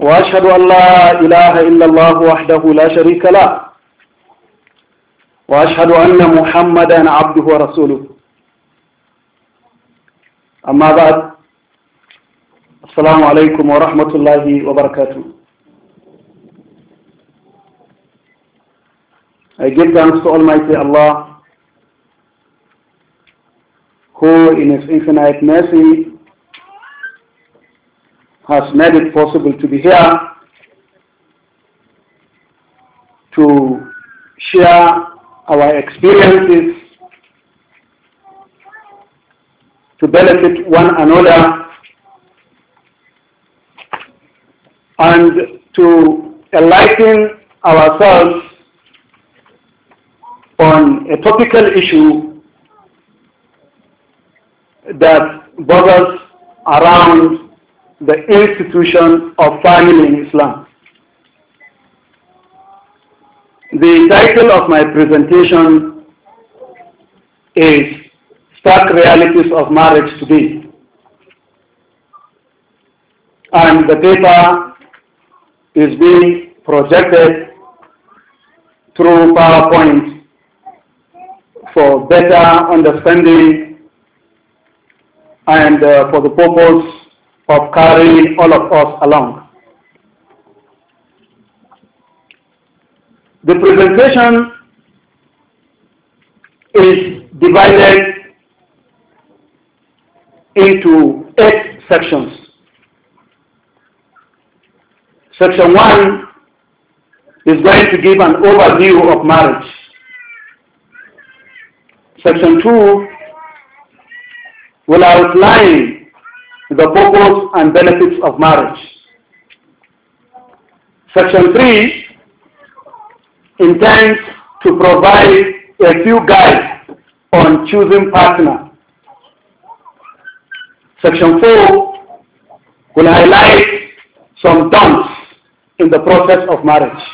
وأشهد أن لا إله إلا الله وحده لا شريك له وأشهد أن محمدا عبده ورسوله أما بعد السلام عليكم ورحمة الله وبركاته I give thanks to Almighty Allah who in His infinite mercy has made it possible to be here to share our experiences, to benefit one another, and to enlighten ourselves on a topical issue that bothers around the institution of family in Islam. The title of my presentation is Stark Realities of Marriage Today. And the paper is being projected through PowerPoint for better understanding and uh, for the purpose of carrying all of us along. The presentation is divided into eight sections. Section 1 is going to give an overview of marriage. Section 2 will outline the purpose and benefits of marriage. Section 3 intends to provide a few guides on choosing partner. Section 4 will highlight some don'ts in the process of marriage.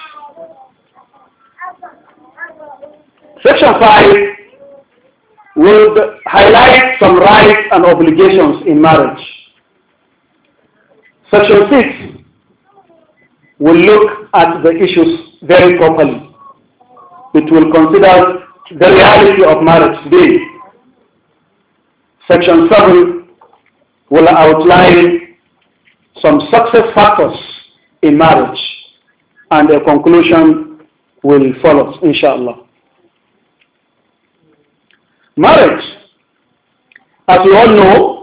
Section 5 will highlight some rights and obligations in marriage. Section 6 will look at the issues very properly. It will consider the reality of marriage today. Section 7 will outline some success factors in marriage and a conclusion will follow, inshallah. Marriage, as we all know,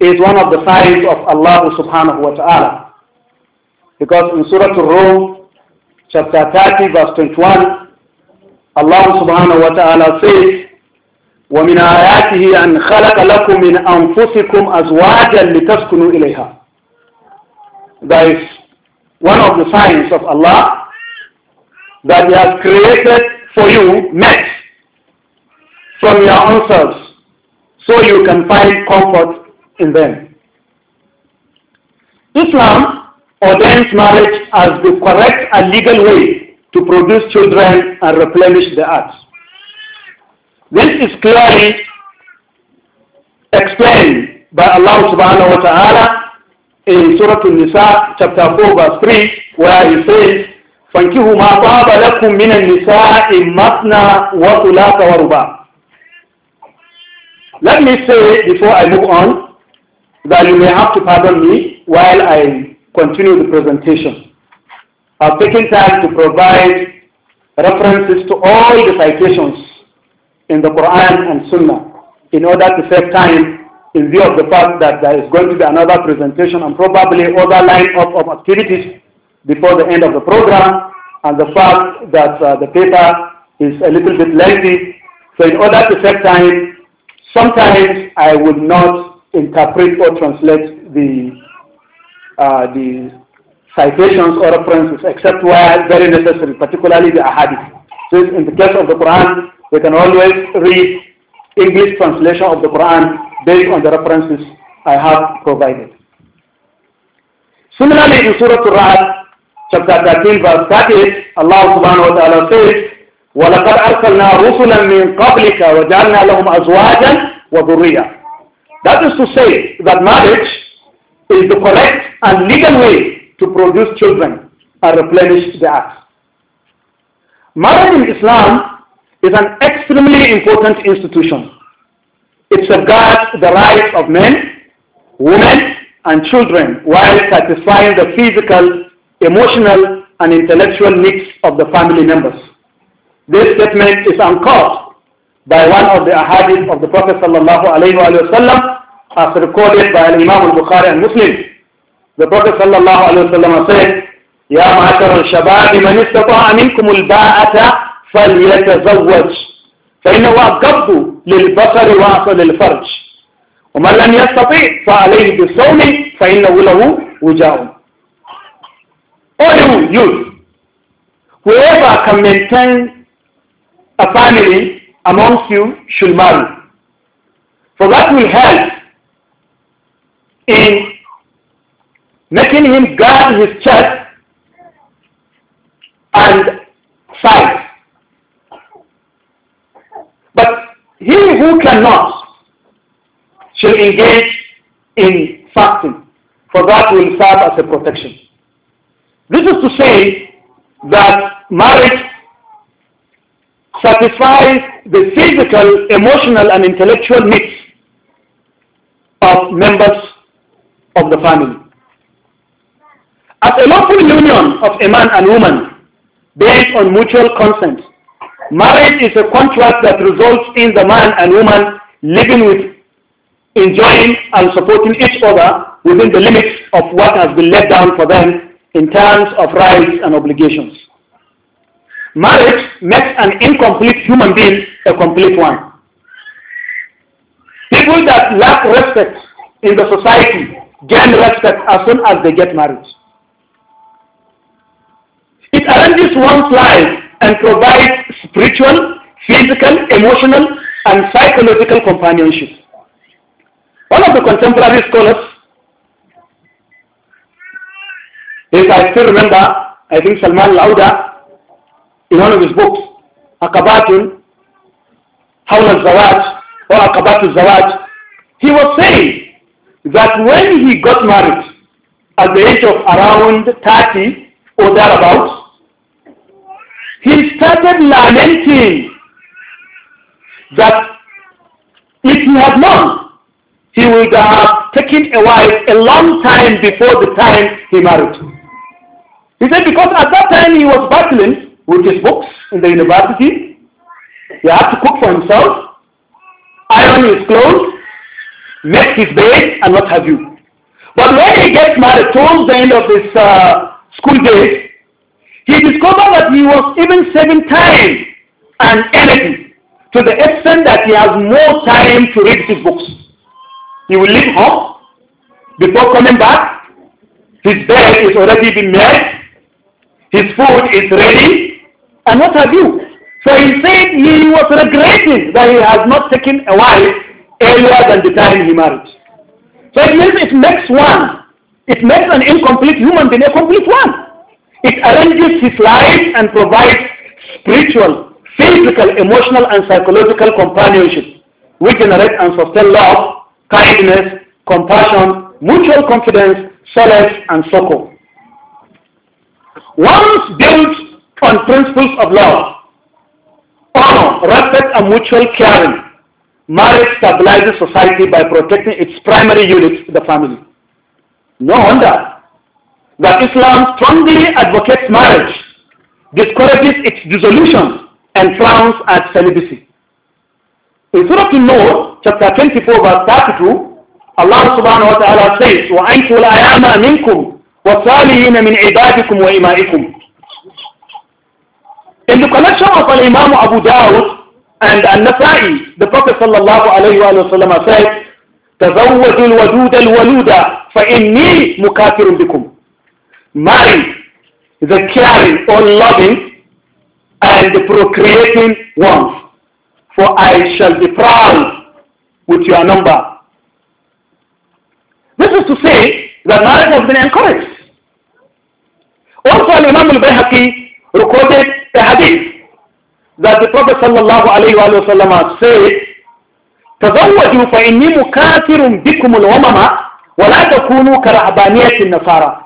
is one of the signs of Allah subhanahu wa ta'ala. Because in Surah Al-Rum, chapter 30, verse 21, Allah subhanahu wa ta'ala says, وَمِنْ آيَاتِهِ أَنْ خَلَقَ لَكُم مِّنْ أَنفُسِكُمْ أَزْوَاجًا لِتَسْكُنُوا إِلَيْهَا That is one of the signs of Allah that He has created for you met from your own selves so you can find comfort in them. Islam ordains marriage as the correct and legal way to produce children and replenish the earth. This is clearly explained by Allah subhanahu wa ta'ala in Surah An-Nisa chapter 4 verse 3 where he says فانكحوا ما طاب لكم من النساء مثنى وثلاث ورباع Let me say before I move on that you may have to pardon me while I continue the presentation. I've taken time to provide references to all the citations in the Quran and Sunnah in order to save time in view of the fact that there is going to be another presentation and probably other line up of activities before the end of the program and the fact that uh, the paper is a little bit lengthy. So in order to save time, sometimes I will not interpret or translate the uh, the citations or references except where very necessary, particularly the ahadith. So in the case of the Quran, we can always read English translation of the Quran based on the references I have provided. Similarly, in Surah Al-Ra'd, chapter 13, verse 38, Allah subhanahu wa ta'ala says, وَلَقَدْ أَرْسَلْنَا رُسُلًا مِنْ قَبْلِكَ وَجَعَلْنَا لَهُمْ أَزْوَاجًا وَذُرِّيًّا that is to say that marriage is the correct and legal way to produce children and replenish the earth. Marriage in Islam is an extremely important institution. It safeguards the rights of men, women, and children while satisfying the physical, emotional, and intellectual needs of the family members. This statement is anchored by one of the ahadith of the Prophet sallallahu alayhi wa as recorded by Imam al-Bukhari and Muslim. The Prophet sallallahu alayhi wa sallam said, يا معشر الشباب من استطاع منكم الباءة فليتزوج فإنه أقبض للبصر وأصل للفرج ومن لم يستطيع فعليه بالصوم فإنه له وجاء All you youth, whoever can maintain a family amongst you should marry. For that will help in making him guard his chest and sides. But he who cannot shall engage in fasting, for that will serve as a protection. This is to say that marriage satisfies the physical, emotional, and intellectual needs of members of the family. As a lawful union of a man and woman based on mutual consent, marriage is a contract that results in the man and woman living with, enjoying and supporting each other within the limits of what has been laid down for them in terms of rights and obligations. Marriage makes an incomplete human being a complete one. People that lack respect in the society gain respect as soon as they get married. It arranges one's life and provides spiritual, physical, emotional, and psychological companionship. One of the contemporary scholars if I still remember, I think Salman Lauda, in one of his books, Akabatun, Hawla Zawaj, or Akabatu Zawaj, he was saying that when he got married at the age of around 30 or thereabouts, he started lamenting that if he had known, he would have taken a wife a long time before the time he married. He said because at that time he was battling would get books in the university. He had to cook for himself, iron his clothes, make his bed, and what have you. But when he gets married towards the end of his uh, school days, he discovered that he was even saving time and energy to the extent that he has more time to read his books. He will leave home before coming back. His bed is already been made. His food is ready and what have you. So he said he was regretting that he has not taken a wife earlier than the time he married. So it means it makes one, it makes an incomplete human being a complete one. It arranges his life and provides spiritual, physical, emotional, and psychological companionship, which generates and sustain love, kindness, compassion, mutual confidence, solace, and succor. Once built on principles of law. Honor, respect, and mutual caring. Marriage stabilizes society by protecting its primary unit, the family. No wonder that Islam strongly advocates marriage, discourages its dissolution, and frowns at celibacy. In Surah An-Nur, chapter 24, verse 32, Allah subhanahu wa ta'ala says, وَأَنْتُوا الْأَيَامَ مِنْكُمْ وَالصَّالِحِينَ مِنْ عِبَادِكُمْ وَإِمَائِكُمْ in the collection of al Imam Abu Dawud and An-Nasa'i, the Prophet sallallahu alayhi wa sallam said, تزوجوا الودود الولود فإني مكافر بكم Marry the caring or loving and the procreating ones, for I shall be proud with your number. This is to say that marriage has been encouraged. Also, Imam al-Bayhaqi recorded the hadith that the Prophet sallallahu alayhi wa sallam said, تزوجوا فإني مكاثر بكم الومم ولا تكونوا كرهبانية النصارى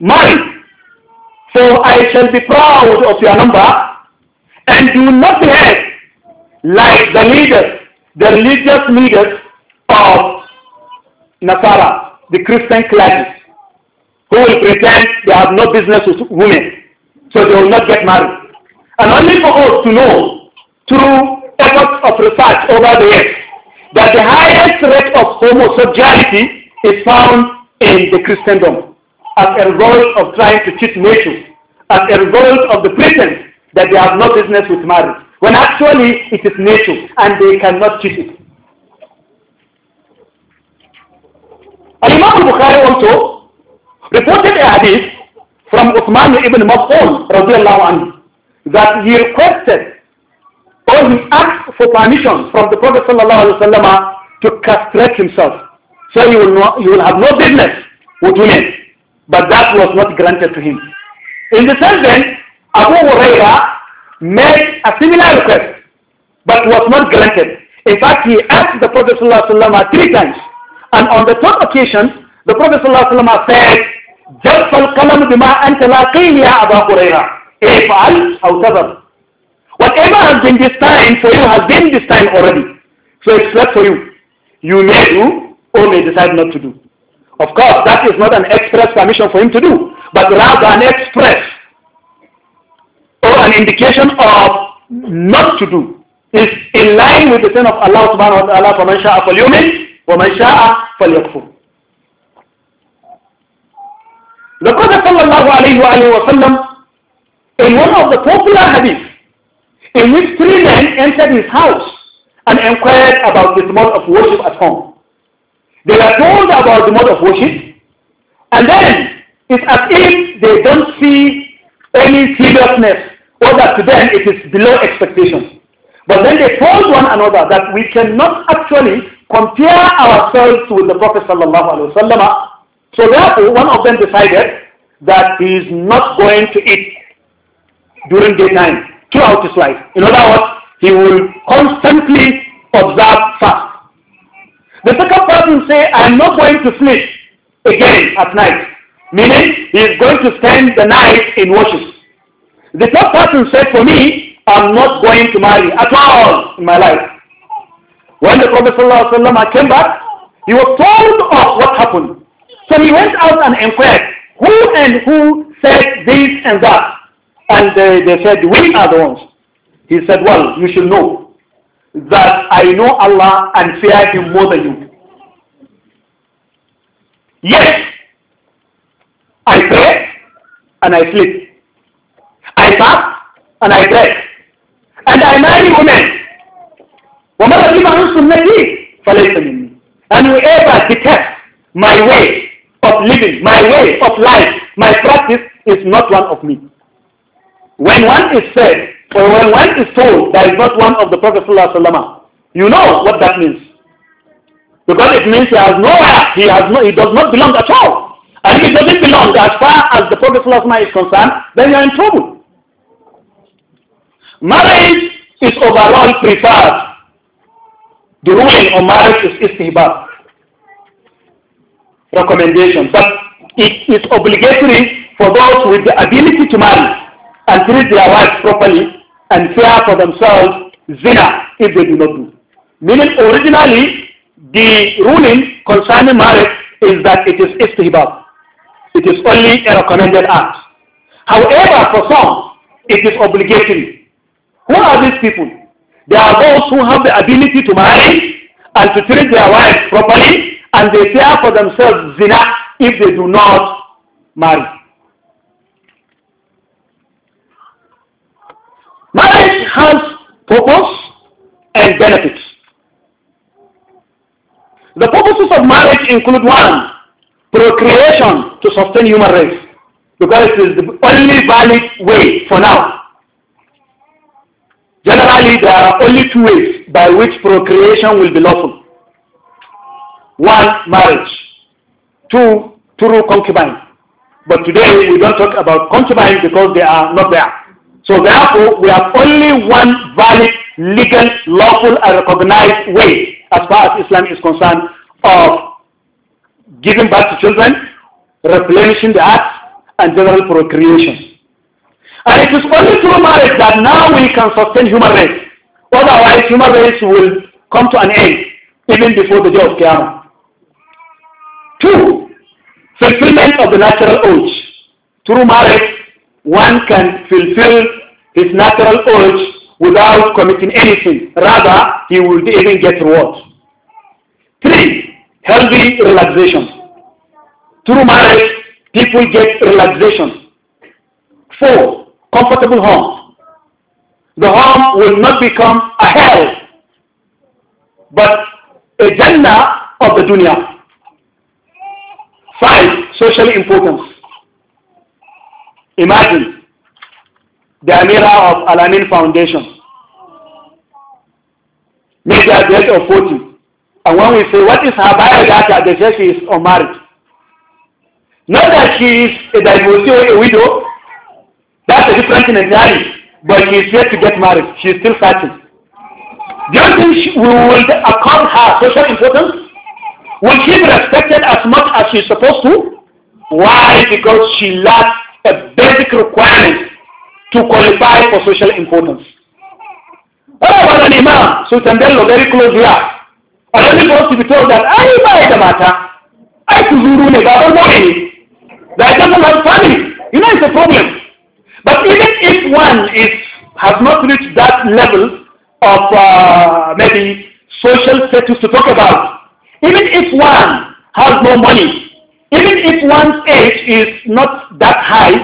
Marry, so I shall be proud of your number and do not behave like the leaders, the religious leaders of Nasara, the Christian clergy, who will pretend they have no business with women so they will not get married. And only for us to know through efforts of research over the years that the highest rate of homosexuality is found in the Christendom as a result of trying to cheat nations, as a result of the pretense that they have no business with marriage, when actually it is nature and they cannot cheat it. Al-Imam bukhari also reported a hadith from Uthman ibn Mas'ud that he requested or he asked for permission from the Prophet Wasallam to castrate himself. So he will, not, will have no business with women. But that was not granted to him. In the same vein, Abu Huraira made a similar request but was not granted. In fact, he asked the Prophet Wasallam three times. And on the third occasion, the Prophet Wasallam said, جف القلم بما أنت لاقيه يا أبا هريرة افعل أو تذر whatever has been destined for you has been destined already so it's left for you you may do or may decide not to do of course that is not an express permission for him to do but rather an express or an indication of not to do is in line with the sin of Allah subhanahu wa ta'ala فَمَنْ شَاءَ فَلْيُؤْمِنْ وَمَنْ شَاءَ فَلْيَكْفُرْ the Prophet sallallahu in one of the popular hadith, in which three men entered his house and inquired about the mode of worship at home. They were told about the mode of worship, and then it's as if they don't see any seriousness or that to them it is below expectation. But then they told one another that we cannot actually compare ourselves with the Prophet sallallahu alaihi wasallam so therefore, one of them decided that he is not going to eat during daytime throughout his life. In other words, he will constantly observe fast. The second person say, I am not going to sleep again at night, meaning he is going to spend the night in watches. The third person said, for me, I'm not going to marry at all in my life. When the Prophet ﷺ came back, he was told of what happened. So he went out and inquired, who and who said this and that? And they, they said, we are the ones. He said, well, you should know that I know Allah and fear him more than you. Yes, I pray and I sleep. I fast and I pray. And I marry women. وَمَا رَجِبَ عَنْ سُنَّتِي فَلَيْسَ مِنِّي And whoever detests my way of living, my way of life, my practice is not one of me. When one is said, or when one is told that is not one of the Prophet you know what that means. Because it means he has nowhere, he, has no, he does not belong at all. And if he doesn't belong as far as the Prophet is concerned, then you are in trouble. Marriage is overall preferred. The ruling of marriage is istihbab recommendation. But it is obligatory for those with the ability to marry and treat their wives properly and care for themselves zina if they do not do. Meaning originally the ruling concerning marriage is that it is istihbab. It is only a recommended act. However, for some, it is obligatory. Who are these people? They are those who have the ability to marry and to treat their wives properly and they care for themselves zina if they do not marry. Marriage has purpose and benefits. The purposes of marriage include one, procreation to sustain human race because it is the only valid way for now. Generally, there are only two ways by which procreation will be lawful. One, marriage. Two, through concubines. But today we don't talk about concubines because they are not there. So therefore, we have only one valid, legal, lawful, and recognized way, as far as Islam is concerned, of giving birth to children, replenishing the earth, and general procreation. And it is only through marriage that now we can sustain human race. Otherwise, human race will come to an end even before the day of Qiyamah. Two, fulfillment of the natural urge. Through marriage, one can fulfill his natural urge without committing anything. Rather, he will even get reward. Three, healthy relaxation. Through marriage, people get relaxation. Four, comfortable home. The home will not become a hell, but a Jannah of the dunya. Five, social importance. Imagine the Amira of Alamin Foundation made the age of 40. And when we say, what is her biodata? They say she is unmarried. Not that she is a divorcee or a widow. That's a different thing entirely. But she is yet to get married. She is still searching. Do you think she will accord her social importance? Will she be respected as much as she's supposed to? Why? Because she lacks a basic requirement to qualify for social importance. Oh, what about an imam? Sultan Bello, very close here. And then supposed to be told that, I buy the matter. I kuzuru ne baba moini. That doesn't have family. You know, it's a problem. But even if one is, has not reached that level of uh, maybe social status to talk about, even if one has no money, even if one's age is not that high,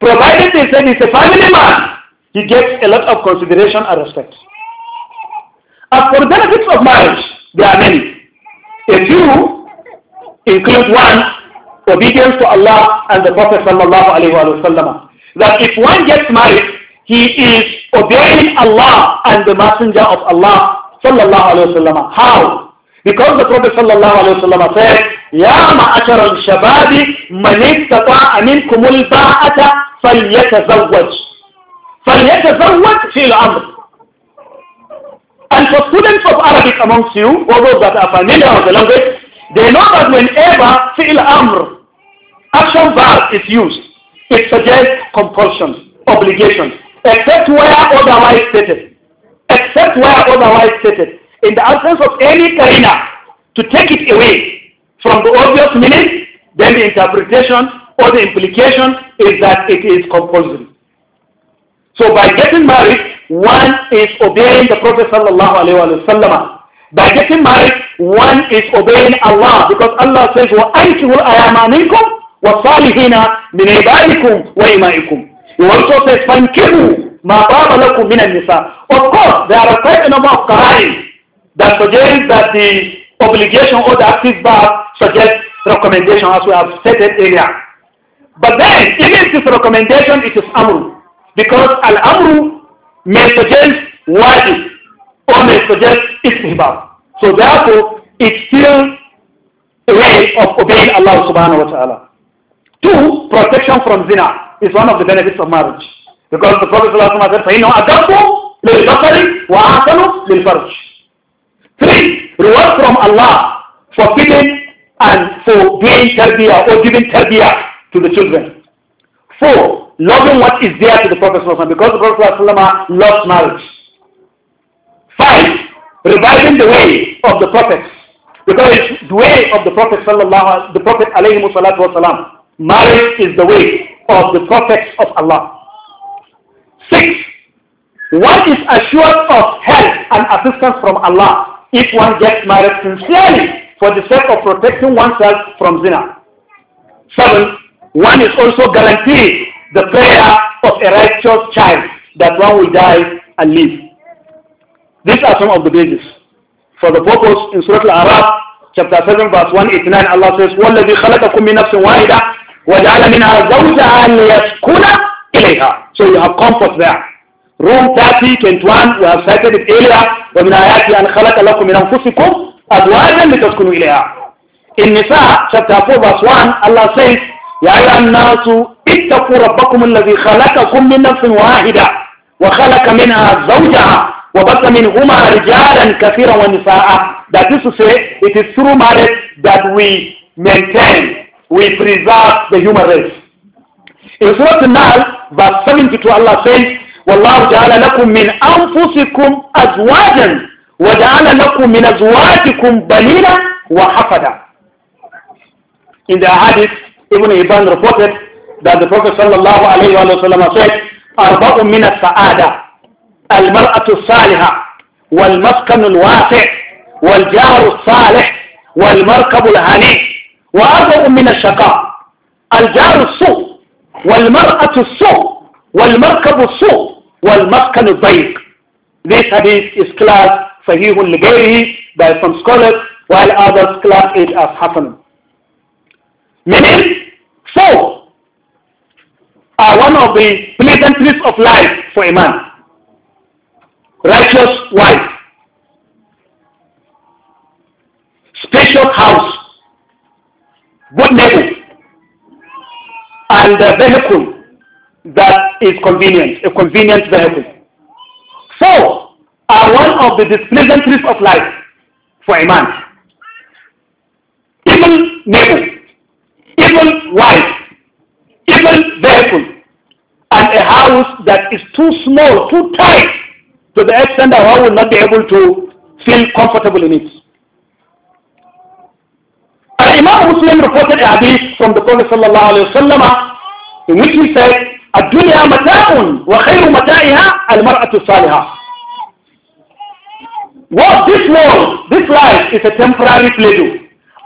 provided they say he's a family man, he gets a lot of consideration and respect. As for the benefits of marriage, there are many. A few include one, obedience to Allah and the Prophet sallallahu alaihi wasallam. That if one gets married, he is obeying Allah and the Messenger of Allah sallallahu alaihi wasallam. How? because the Prophet sallallahu said, يا معشر الشباب من استطاع منكم الباءة فليتزوج فليتزوج في الأمر And for students of Arabic amongst you, or those that are familiar with the language, they know that whenever fi'l amr, action verb is used, it suggests compulsion, obligation, except where otherwise stated. Except where otherwise stated. in the absence of any karina to take it away from the obvious meaning, then the interpretation or the implication is that it is compulsory. So by getting married, one is obeying the Prophet sallallahu alaihi wasallam. By getting married, one is obeying Allah because Allah says, وَأَنْكِهُ الْأَيَامَ مِنْكُمْ وَالصَّالِحِينَ مِنْ عِبَادِكُمْ وَإِمَائِكُمْ He also says, فَانْكِهُ مَا بَابَ لَكُمْ مِنَ النِّسَاءِ Of course, there are quite a number of qara'in that suggests that the obligation or the active verb suggests recommendation as we have stated earlier. But then, even this recommendation, it is amru. Because al-amru may suggest wajib or may suggest istihbab. So therefore, it's still a way of obeying Allah subhanahu wa ta'ala. Two, protection from zina is one of the benefits of marriage. Because the Prophet said, فَإِنَّهُ أَدَبُّ لِلْبَصَرِ وَأَحْسَنُ لِلْفَرْجِ Three, reward from Allah for feeding and for doing tarbiyah or giving tarbiyah to the children. Four, loving what is there to the Prophet because the Prophet loves marriage. Five, reviving the way of the Prophet because it's the way of the Prophet the Prophet alayhi Marriage is the way of the prophets of Allah. Six, one is assured of help and assistance from Allah if one gets married sincerely for the sake of protecting oneself from zina. Seven, one is also guaranteed the prayer of a righteous child that one will die and live. These are some of the bases. For the purpose in Surah Al-Araf, chapter 7, verse 189, Allah says, وَالَّذِي خَلَقَكُم مِّن نَفْسٍ وَاحِدَةٍ وَجَعَلَ مِنْهَا زَوْجَهَا لِيَسْكُنَ إِلَيْهَا So you have comfort there. Rome 30, 21, we have cited it earlier. وَمِنْ آيَاتِ أَنْ خَلَقَ لَكُمْ مِنْ أَنفُسِكُمْ أَزْوَاجًا لِتَسْكُنُوا إِلَيْهَا In Nisa chapter 4 verse 1, Allah says, يَا أَيُّهَا النَّاسُ اتَّقُوا رَبَّكُمْ الَّذِي خَلَقَكُمْ مِنْ نَفْسٍ وَاحِدَةٍ وَخَلَقَ مِنْهَا زَوْجَهَا وَبَثَّ مِنْهُمَا رِجَالًا كَثِيرًا وَنِسَاءً That is to say, it is through marriage that we maintain, we preserve the human race. In Surah an verse 72, Allah says, والله جعل لكم من أنفسكم أزواجا وجعل لكم من أزواجكم بنينا وحفدا In the hadith, Ibn Ibn reported that the Prophet sallallahu alayhi wa sallam said, أربع من السعادة المرأة الصالحة والمسكن الواسع والجار الصالح والمركب الْهَنِيِ وأربع من الشقاء الجار السوء والمرأة السوء والمركب السوء والمسكن الضيق This hadith is classed صحيح لغيره by some scholars while others class it as Hassan. Meaning, four are one of the pleasantries of life for a man. Righteous wife, spacious house, good neighbor, and a vehicle that is convenient, a convenient vehicle. Four are one of the displeasantries of life for a man. Even neighbor, even wife, even vehicle, and a house that is too small, too tight, to the extent that one will not be able to feel comfortable in it. Imam Muslim reported a hadith from the Prophet in which he said, الدنيا متاع وخير متاعها المرأة الصالحة what this world this life is a temporary pleasure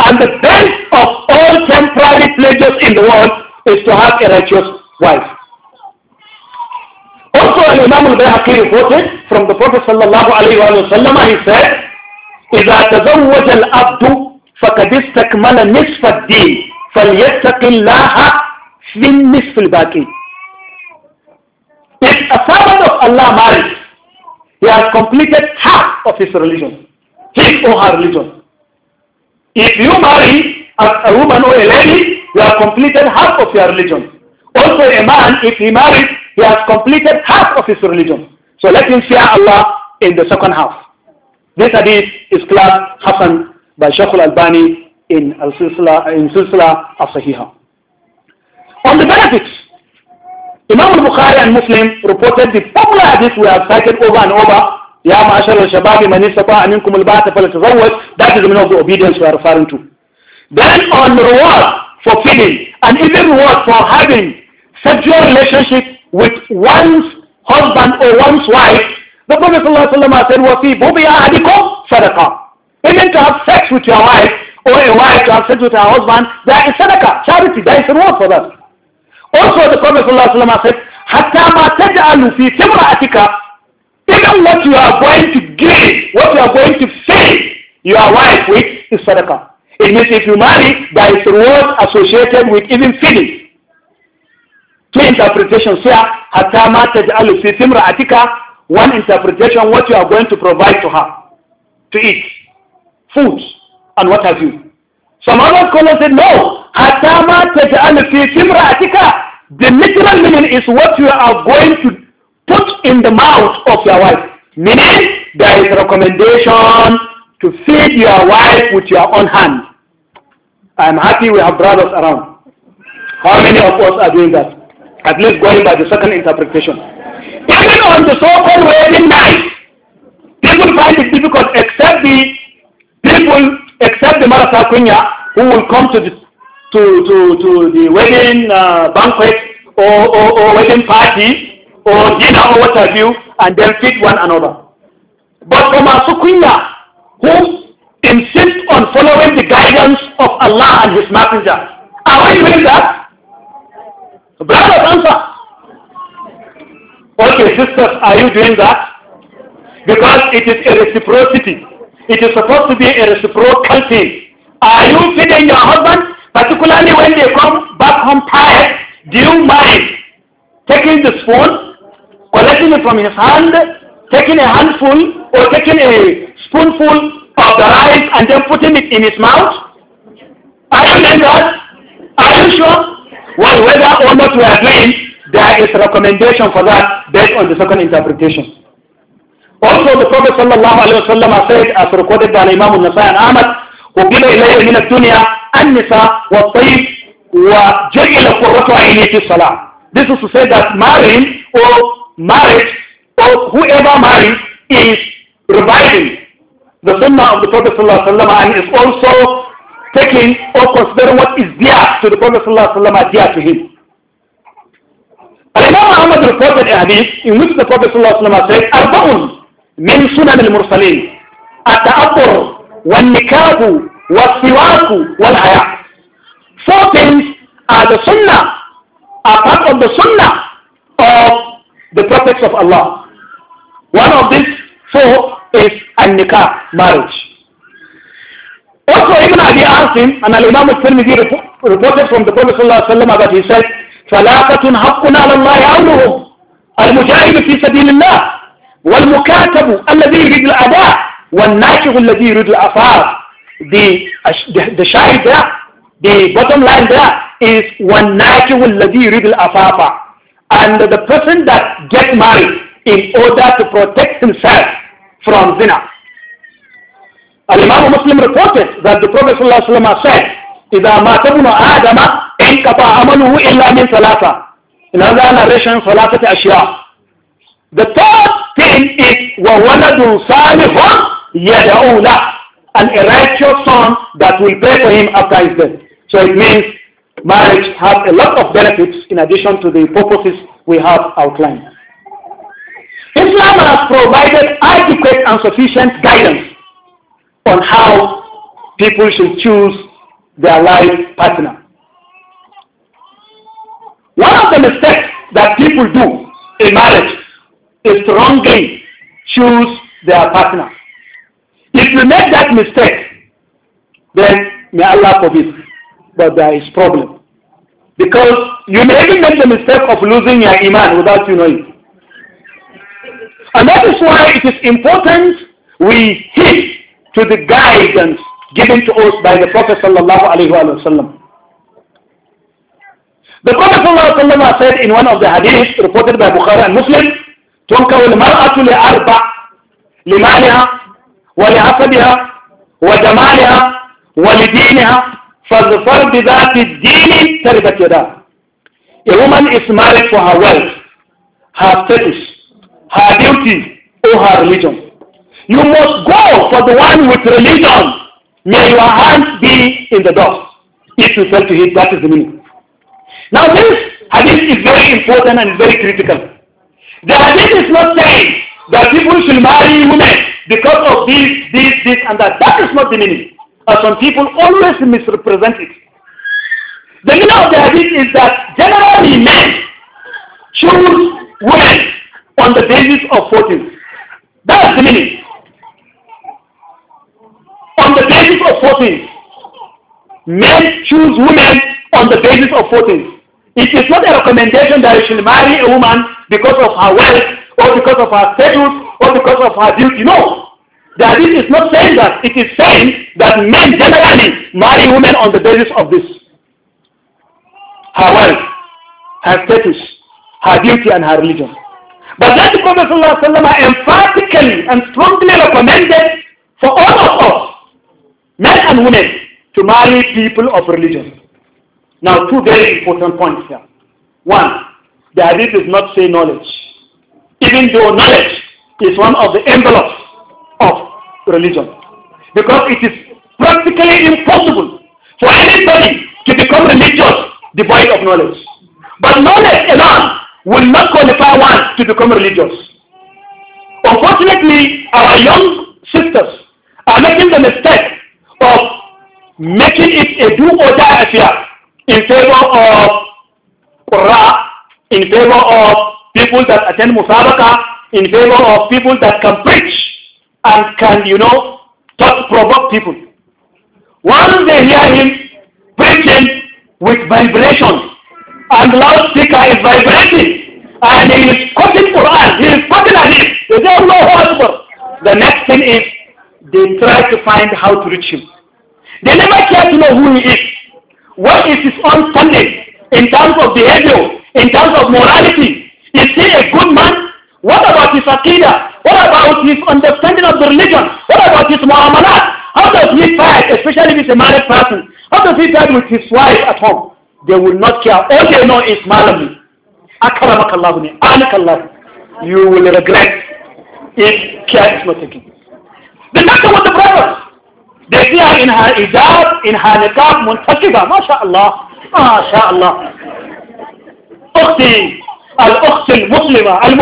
and the best of all temporary pleasures in the world is to have a righteous wife also Imam al-Bayhaqi reported from the Prophet sallallahu alayhi wa sallam he said إذا تزوج الأبد فقد استكمل نصف الدين فليتق الله في النصف الباقي If a servant of Allah marries, he has completed half of his religion, his or her religion. If you marry a, a woman or a lady, you have completed half of your religion. Also a man, if he marries, he has completed half of his religion. So let him fear Allah in the second half. This hadith is classed Hassan by Shaykh al-Albani in Al-Silsila, in Silsila al sahihah On the benefits Imam al-Bukhari and Muslim reported the popular hadith we have cited over and over, Ya ma'ashar al-shababi man istata'a minkum al-ba'ata falyatazawwaj, that is the meaning of the obedience we are referring to. Then on reward for feeding and even reward for having sexual relationship with one's husband or one's wife, the Prophet ﷺ said, وَفِي بُبِيَ أَهْدِكُمْ صَدَقَةً Even to have sex with your wife or a wife to have sex with her husband, there is sadaqah, charity, there is reward for that. Also the Prophet ﷺ said, Hatama alufi fi timra'atika, even what you are going to give, what you are going to feed your wife with is sadaqah. It means if you marry, there is reward associated with even feeding. Two interpretations here. Hatama alufi fi timra'atika, one interpretation, what you are going to provide to her to eat, food, and what have you. Some other scholars said, no, Hatta ma fi timra'atika. The literal meaning is what you are going to put in the mouth of your wife. Meaning, there is a recommendation to feed your wife with your own hand. I'm happy we have brothers around. How many of us are doing that? At least going by the second interpretation. Even on the so-called wedding night, people find it difficult except the people, except the Marasa who will come to the to, to, to the wedding uh, banquet or, or, or wedding party or dinner or what have you, and then feed one another. But for Masukunya, who insists on following the guidance of Allah and His Messenger, are we doing that? Brothers, answer. Okay, sisters, are you doing that? Because it is a reciprocity. It is supposed to be a reciprocal thing. Are you feeding your husband? particularly when they come back home tired, do you mind taking the spoon, collecting it from his hand, taking a handful or taking a spoonful of the rice and then putting it in his mouth? Are you doing that? Are you sure? Well, whether or not we are doing, there is a recommendation for that based on the second interpretation. Also, the Prophet sallallahu alaihi said, as recorded by Imam al-Nasai and Ahmad, وَقِلَ إِلَيْهِ مِنَ الدُّنْيَا and annisa wa tayyib wa jayyil qurratu ayni fi salah this is to say that marrying or marriage or whoever marries is reviving the sunnah of the prophet sallallahu alaihi wasallam is also taking or considering what is dear to the prophet sallallahu alaihi wasallam dear to him And imam muhammad reported a hadith in which the prophet sallallahu alaihi wasallam said arba'un min Sunnah al mursalin at-ta'abbur wa an-nikahu wasiwaku wal haya. Four things are the sunnah, are part of the sunnah of the prophets of Allah. One of these four is annika nikah marriage. Also Ibn Abi Asim and Al-Imam al-Tirmidhi reported from the Prophet sallallahu alaihi wasallam that he said, ثلاثة حق على الله عونه المجاهد في سبيل الله والمكاتب الذي يريد الأداء والناكح الذي يريد الأفاق uh, the, the, the there, the bottom line there is وَالنَّاكِ وَالَّذِي رِدِ الْأَفَافَ And the person that gets married in order to protect himself from zina. Al-Imam Muslim reported that the Prophet ﷺ said, إِذَا مَاتَ ابْنُ آدَمَ انْقَطَعَ عَمَلُهُ إِلَّا مِنْ ثَلَاثَةٍ In another narration, ثَلَاثَةِ أَشْيَاء The third thing is وَوَلَدٌ صَالِحٌ يَدْعُو لَهُ and a righteous son that will pray for him after his death. So it means marriage has a lot of benefits in addition to the purposes we have outlined. Islam has provided adequate and sufficient guidance on how people should choose their life partner. One of the mistakes that people do in marriage is wrongly choose their partner. If you make that mistake, then may Allah forbid. But there is problem. Because you may even make the mistake of losing your iman without you knowing. And that is why it is important we heed to the guidance given to us by the Prophet sallallahu alaihi wasallam. The Prophet sallallahu alaihi wasallam said in one of the hadiths reported by Bukhari and Muslim, تنكو المرأة لأربع لمالها ولعصبها وجمالها ولدينها فاظفر بذات الدين تربت يداه A woman is married for her wealth, her status, her beauty, or her religion. You must go for the one with religion. May your hands be in the dust. If you fail to hit, that is the meaning. Now this hadith is very important and very critical. The hadith is not saying that people should marry women because of this, this, this, and that. That is not the meaning. But some people always misrepresent it. The meaning of the hadith is that generally men choose women on the basis of fortune. That's the meaning. On the basis of fortune. Men choose women on the basis of fortune. It is not a recommendation that you should marry a woman because of her wealth or because of her status because of her beauty. No. The hadith is not saying that. It is saying that men generally marry women on the basis of this. Her wealth, her status, her beauty and her religion. But that the Prophet ﷺ emphatically and strongly recommended for all of us, men and women, to marry people of religion. Now, two very important points here. One, the hadith does not say knowledge, even though knowledge is one of the envelopes of religion. Because it is practically impossible for anybody to become religious devoid of knowledge. But knowledge alone will not qualify one to become religious. Unfortunately, our young sisters are making the mistake of making it a do or die affair in favor of Qur'an, in favor of people that attend Musabaka, in favor of people that can preach and can, you know, thought provoke people. Once they hear him preaching with vibrations, and loudspeaker is vibrating, and he is quoting Quran, he is quoting Hadith, they don't know what The next thing is they try to find how to reach him. They never care to know who he is. What is his own standing in terms of behavior, in terms of morality? Is he a good man? What about his akida? What about his understanding of the religion? What about his mu'amalat? How does he fight, especially if he's a married person? How does he fight with his wife at home? They will not care. All they know is malami. Akramakallahu anikallahu. You will regret if care is not taken. The matter was the brothers. They see her in her hijab, in her niqab, muntakiba. MashaAllah. MashaAllah. أختي al-Ukhs al-Muslima, al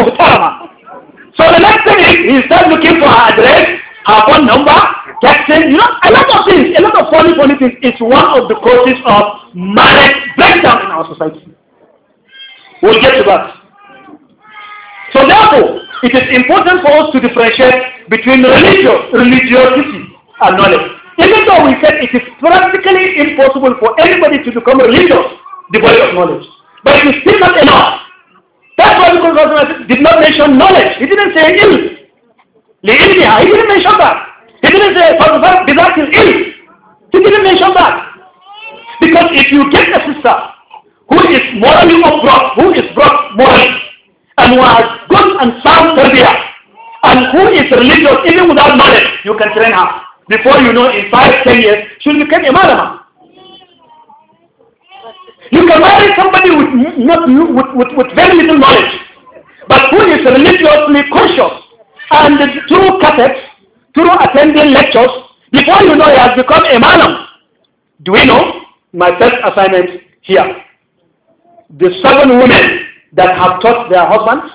So the next thing is, he starts looking for her address, her phone number, texting, you know, a lot of things, a lot of funny, funny things. It's one of the causes of marriage breakdown in our society. We'll get to that. So therefore, it is important for us to differentiate between religious religiosity and knowledge. Even though we said it is practically impossible for anybody to become religious devoid of knowledge. But it is still not enough that's why because did not mention knowledge. He didn't say ilm. He didn't mention that. He didn't say for the bizarre is He didn't mention that. Because if you get a sister who is morally upright, who is brought morally, and who has good and sound tarbiyah, and who is religious even without knowledge, you can train her. Before you know, in five, ten years, she'll become a madam. You can marry somebody with, not, with, with, with very little knowledge, but who is religiously conscious. And through cassettes, through attending lectures, before you know he has become a man. Do we know? My first assignment here. The seven women that have taught their husbands.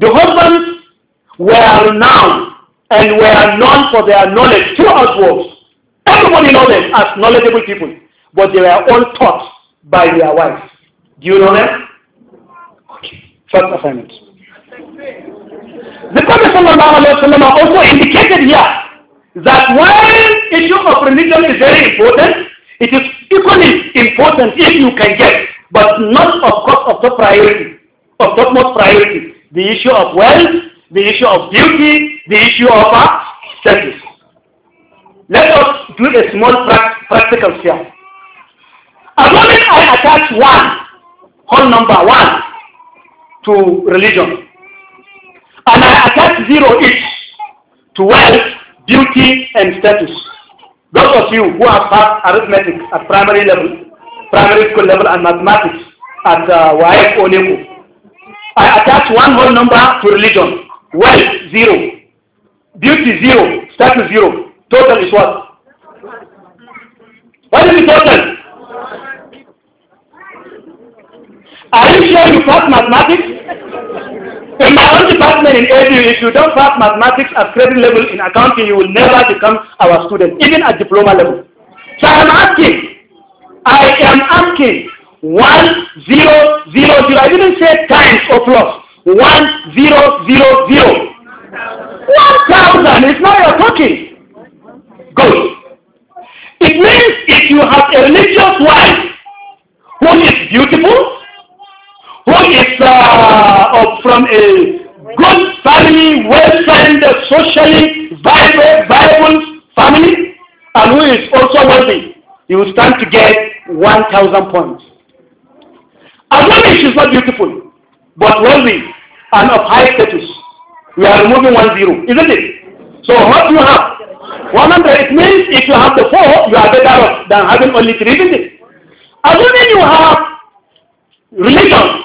The husbands were renowned and were known for their knowledge throughout wars. Everybody knows them as knowledgeable people but they were all taught by their wives. Do you know them? Okay. First assignment. The Prophet also indicated here that while issue of religion is very important, it is equally important if you can get, but not of course of the priority, of topmost priority, the issue of wealth, the issue of beauty, the issue of uh, status. Let us do a small pra practical here. As long as I attach one, whole number one, to religion, and I attach zero each to wealth, beauty, and status. Those of you who have passed arithmetic at primary level, primary school level, and mathematics at uh, YF I attach one whole number to religion. Wealth, zero. Beauty, zero. Status, zero. Total is what? What is the total? Are you sure you pass mathematics? In my own department in AD, if you don't pass mathematics at grade level in accounting, you will never become our student, even at diploma level. So I am asking, I am asking, one zero zero zero. I didn't say times or plus. One zero zero zero. One thousand is not your talking. Good. It means if you have a religious wife who is beautiful, who is uh, from a good family, well-trained, socially viable, viable family, and who is also wealthy, you will stand to get 1,000 points. As long as she's not beautiful, but wealthy and of high status, we are removing one zero, isn't it? So what you have? 100, it means if you have the four, you are better off than having only three, isn't it? Assuming you have religion,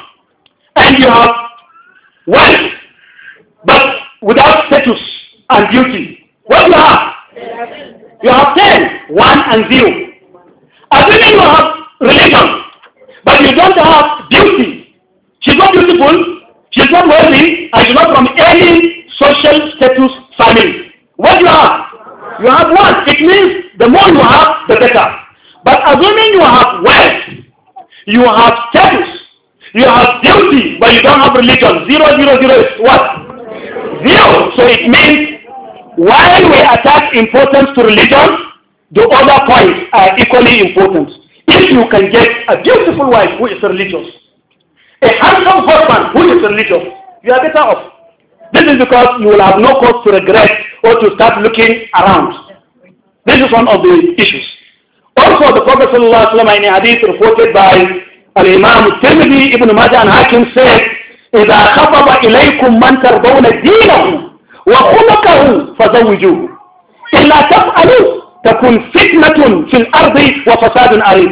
if you have wealth but without status and beauty. What do you have? You have ten, one and zero. Assuming you have religion, but you don't have beauty. She's not beautiful, she's not wealthy, and she's not from any social status family. What do you have? You have one. It means the more you have, the better. But assuming you have wealth, you have status, You have duty, but you don't have religion. Zero, zero, zero is what? Zero. So it means while we attach importance to religion, the other points are equally important. If you can get a beautiful wife who is religious, a handsome husband who is religious, you are better off. This is because you will have no cause to regret or to start looking around. This is one of the issues. Also, the Prophet ﷺ in a hadith reported by الإمام الترمذي ابن ماجه عن حاكم said إذا خطب إليكم من ترضون دينه وخلقه فزوجوه إلا تفعلوا تكون فتنة في الأرض وفساد عريض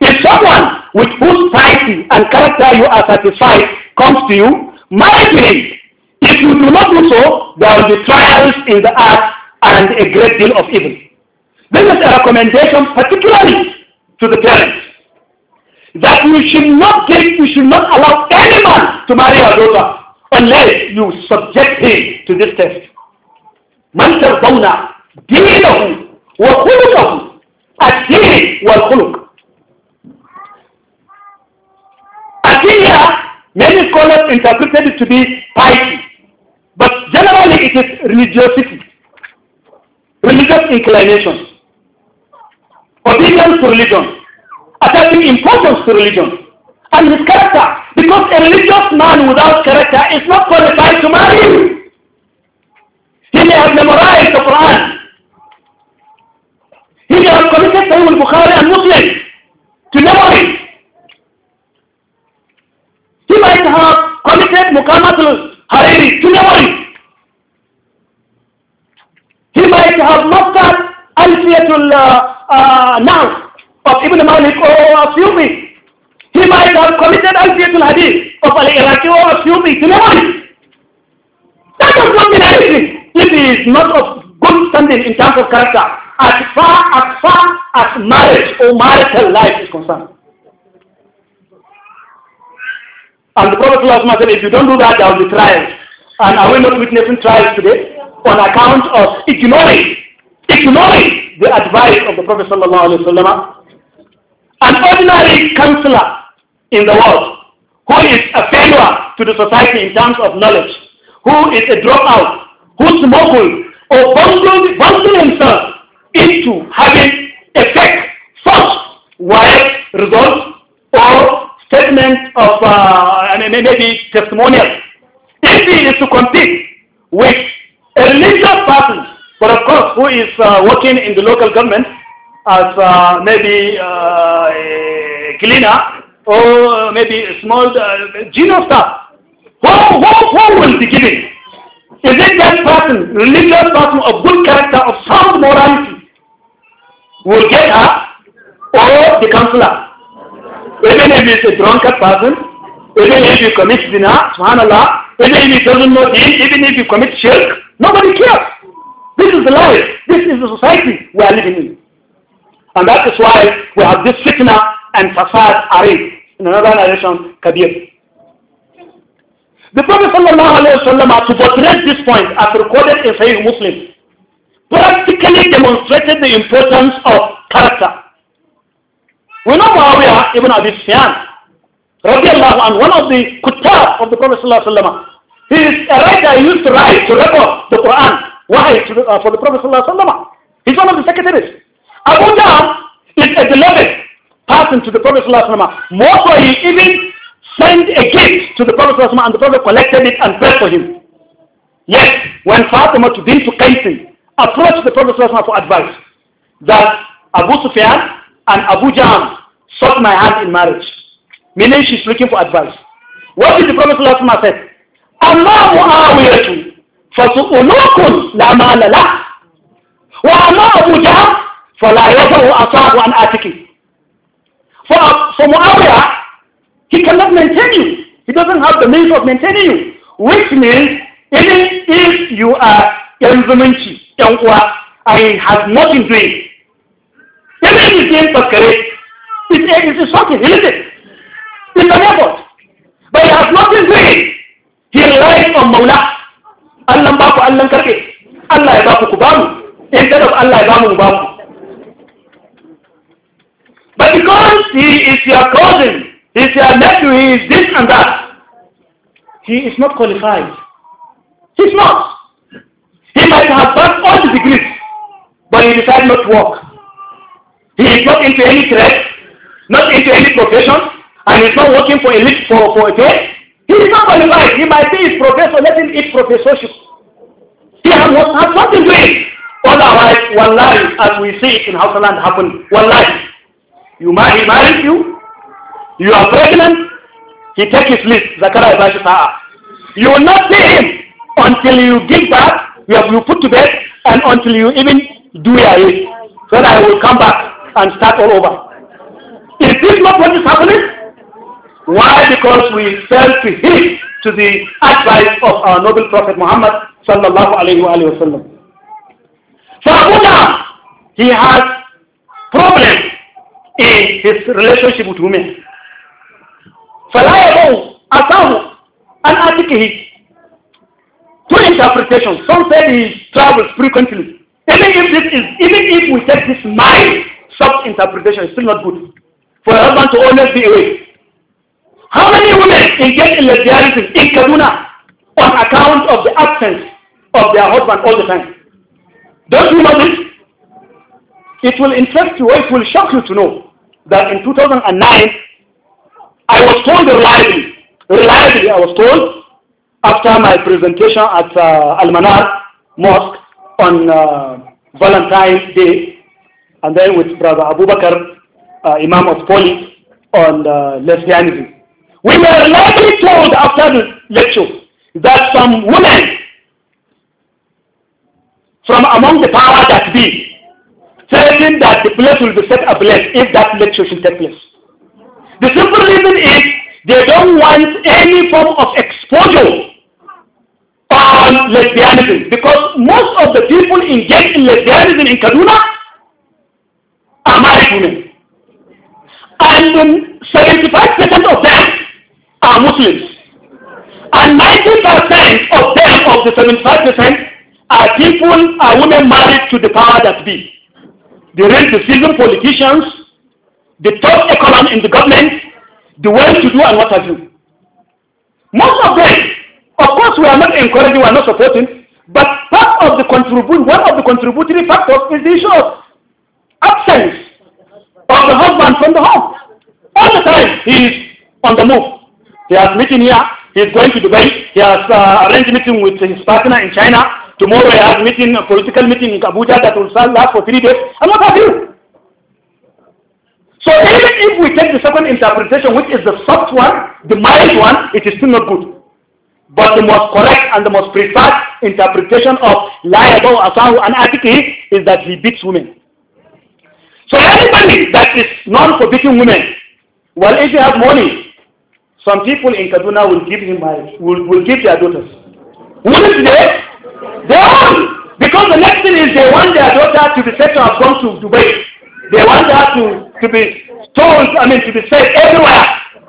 If someone with whose piety and character you are satisfied comes to you, marry him. If you do not do so, there will be trials in the earth and a great deal of evil. This is a recommendation particularly to the parents that you should not take, you should not allow anyone to marry your daughter unless you subject him to this test. many scholars interpreted it to be piety, but generally it is religiosity, religious inclinations, obedience to religion, attaching important to religion and his character because a religious man without character is not qualified to marry. He may have memorized the Quran. He may have committed Sahih al-Bukhari and Muslim to memory. He might have committed Muqamah al Hariri to memory. He might have al fiyatul uh, uh, Now Ibn Malik or oh, a me, He might have committed Al-Fiyatul Hadith of oh, Al-Iraqi or oh, a You know what? That does not mean anything. If not of good standing in terms of character, as far as far as marriage or marital life is concerned. And the Prophet said, if you don't do that, there will be trials. And are we not witnessing trials today? On account of ignoring, ignoring the advice of the Prophet sallallahu an ordinary counselor in the world who is a failure to the society in terms of knowledge, who is a dropout, who smuggled or bundled, bundled himself into having effect such wild results or statement of uh, maybe testimonials. If he is to compete with a religious person, but of course who is uh, working in the local government, as uh, maybe uh, a cleaner or maybe a small uh, of staff. Who, who, who will be giving? Is it that person, religious person of good character, of sound morality, will get up or the counselor? Even if is a drunkard person, even if he commits zina, subhanallah, even if he doesn't know deen, even if you commit shirk, nobody cares. This is the life. This is the society we are living in. And that is why we have this fitna and fasad arrayed in another narration, Kabir. The Prophet ﷺ, to portray this point, as recorded in Sahih Muslim, practically demonstrated the importance of character. We know Muawiyah ibn Abi Sufyan, and one of the kutab of the Prophet ﷺ. He is a writer who used to write, to record the Quran. Why? Uh, for the Prophet ﷺ. He's one of the secretaries. Abu Dham is a beloved person to the Prophet Moreover, he even sent a gift to the Prophet and the Prophet collected it and prayed for him. Yes, when Fatima to Qaisin approached the Prophet for advice that Abu Sufyan and Abu Jam sought my hand in marriage, meaning she's looking for advice. What did the Prophet say? Allah mu'awiyatu la la wa amma Abu Jam فلا يضع أصاب عن آتكه for, for Muawiyah, he cannot maintain you. He doesn't have the means of maintaining you. Which means, even if you are Yanzumunchi, Yangwa, and he has nothing doing, even if he's doing Paskare, it is something, he needs it. It's an effort. But he has nothing doing. He relies on Mawla. Allah ba Allah karfe. Allah ya Kubamu, Instead of Allah ya ba but because he is your cousin, he is your nephew, he is this and that, he is not qualified. He's not. He might have passed all the degrees, but he decided not to work. He is not into any trade, not into any profession, and he's not working for a list for, for a pay. He is not qualified. He might be his professor, let him eat professorship. He has, nothing to eat. Otherwise, one life, as we see it in Hausaland happen, one life you marry, he married you, you are pregnant, he takes his leave, Zakaria Ibashi Sa'a. Ah. You will not see him until you give birth, you, have, you put to bed, and until you even do your age. Then I will come back and start all over. Is this not what is happening? Why? Because we fell to heed to the advice of our noble Prophet Muhammad sallallahu alayhi wa sallam. So Abu he has problems in eh, his relationship with women. فلا يبو and أن أتكه two interpretations. Some say he travels frequently. Even if this is, even if we take this mild soft interpretation, it's still not good for a husband to always be away. How many women engage in lesbianism in Kaduna on account of the absence of their husband all the time? Don't you know this? It will interest you, it will shock you to know that in 2009, I was told reliably, reliably I was told, after my presentation at uh, Almanar Mosque on uh, Valentine's Day, and then with Brother Abu Bakr, uh, Imam of Poli, on uh, lesbianism. We were likely told after the lecture that some women from among the power that be telling that the place will be set ablaze if that lecture takes place. The simple reason is they don't want any form of exposure on lesbianism because most of the people engaged in lesbianism in Kaduna are married women. And 75% of them are Muslims. And 90% of them, of the 75%, are people, are women married to the power that be the rent to politicians, the top economy in the government, the well-to-do and what have you. Most of them, of course, we are not encouraging, we are not supporting, but part of the contribute, one of the contributory factors is the issue of absence of the husband from the home. All the time he is on the move. He has meeting here, he is going to Dubai, he has uh, arranged meeting with his partner in China, Tomorrow I have meeting, a political meeting in Abuja that will last for three days. I'm not happy. So even if we take the second interpretation, which is the soft one, the mild one, it is still not good. But the most correct and the most precise interpretation of Layabo Asahu and Atiki is that he beats women. So anybody that is known for beating women, well, if he has money, some people in Kaduna will give him marriage, will, will give their daughters. Wouldn't they want, because the next thing is they want their daughter to be said to have gone to Dubai. They want her to, to be told, I mean, to be said everywhere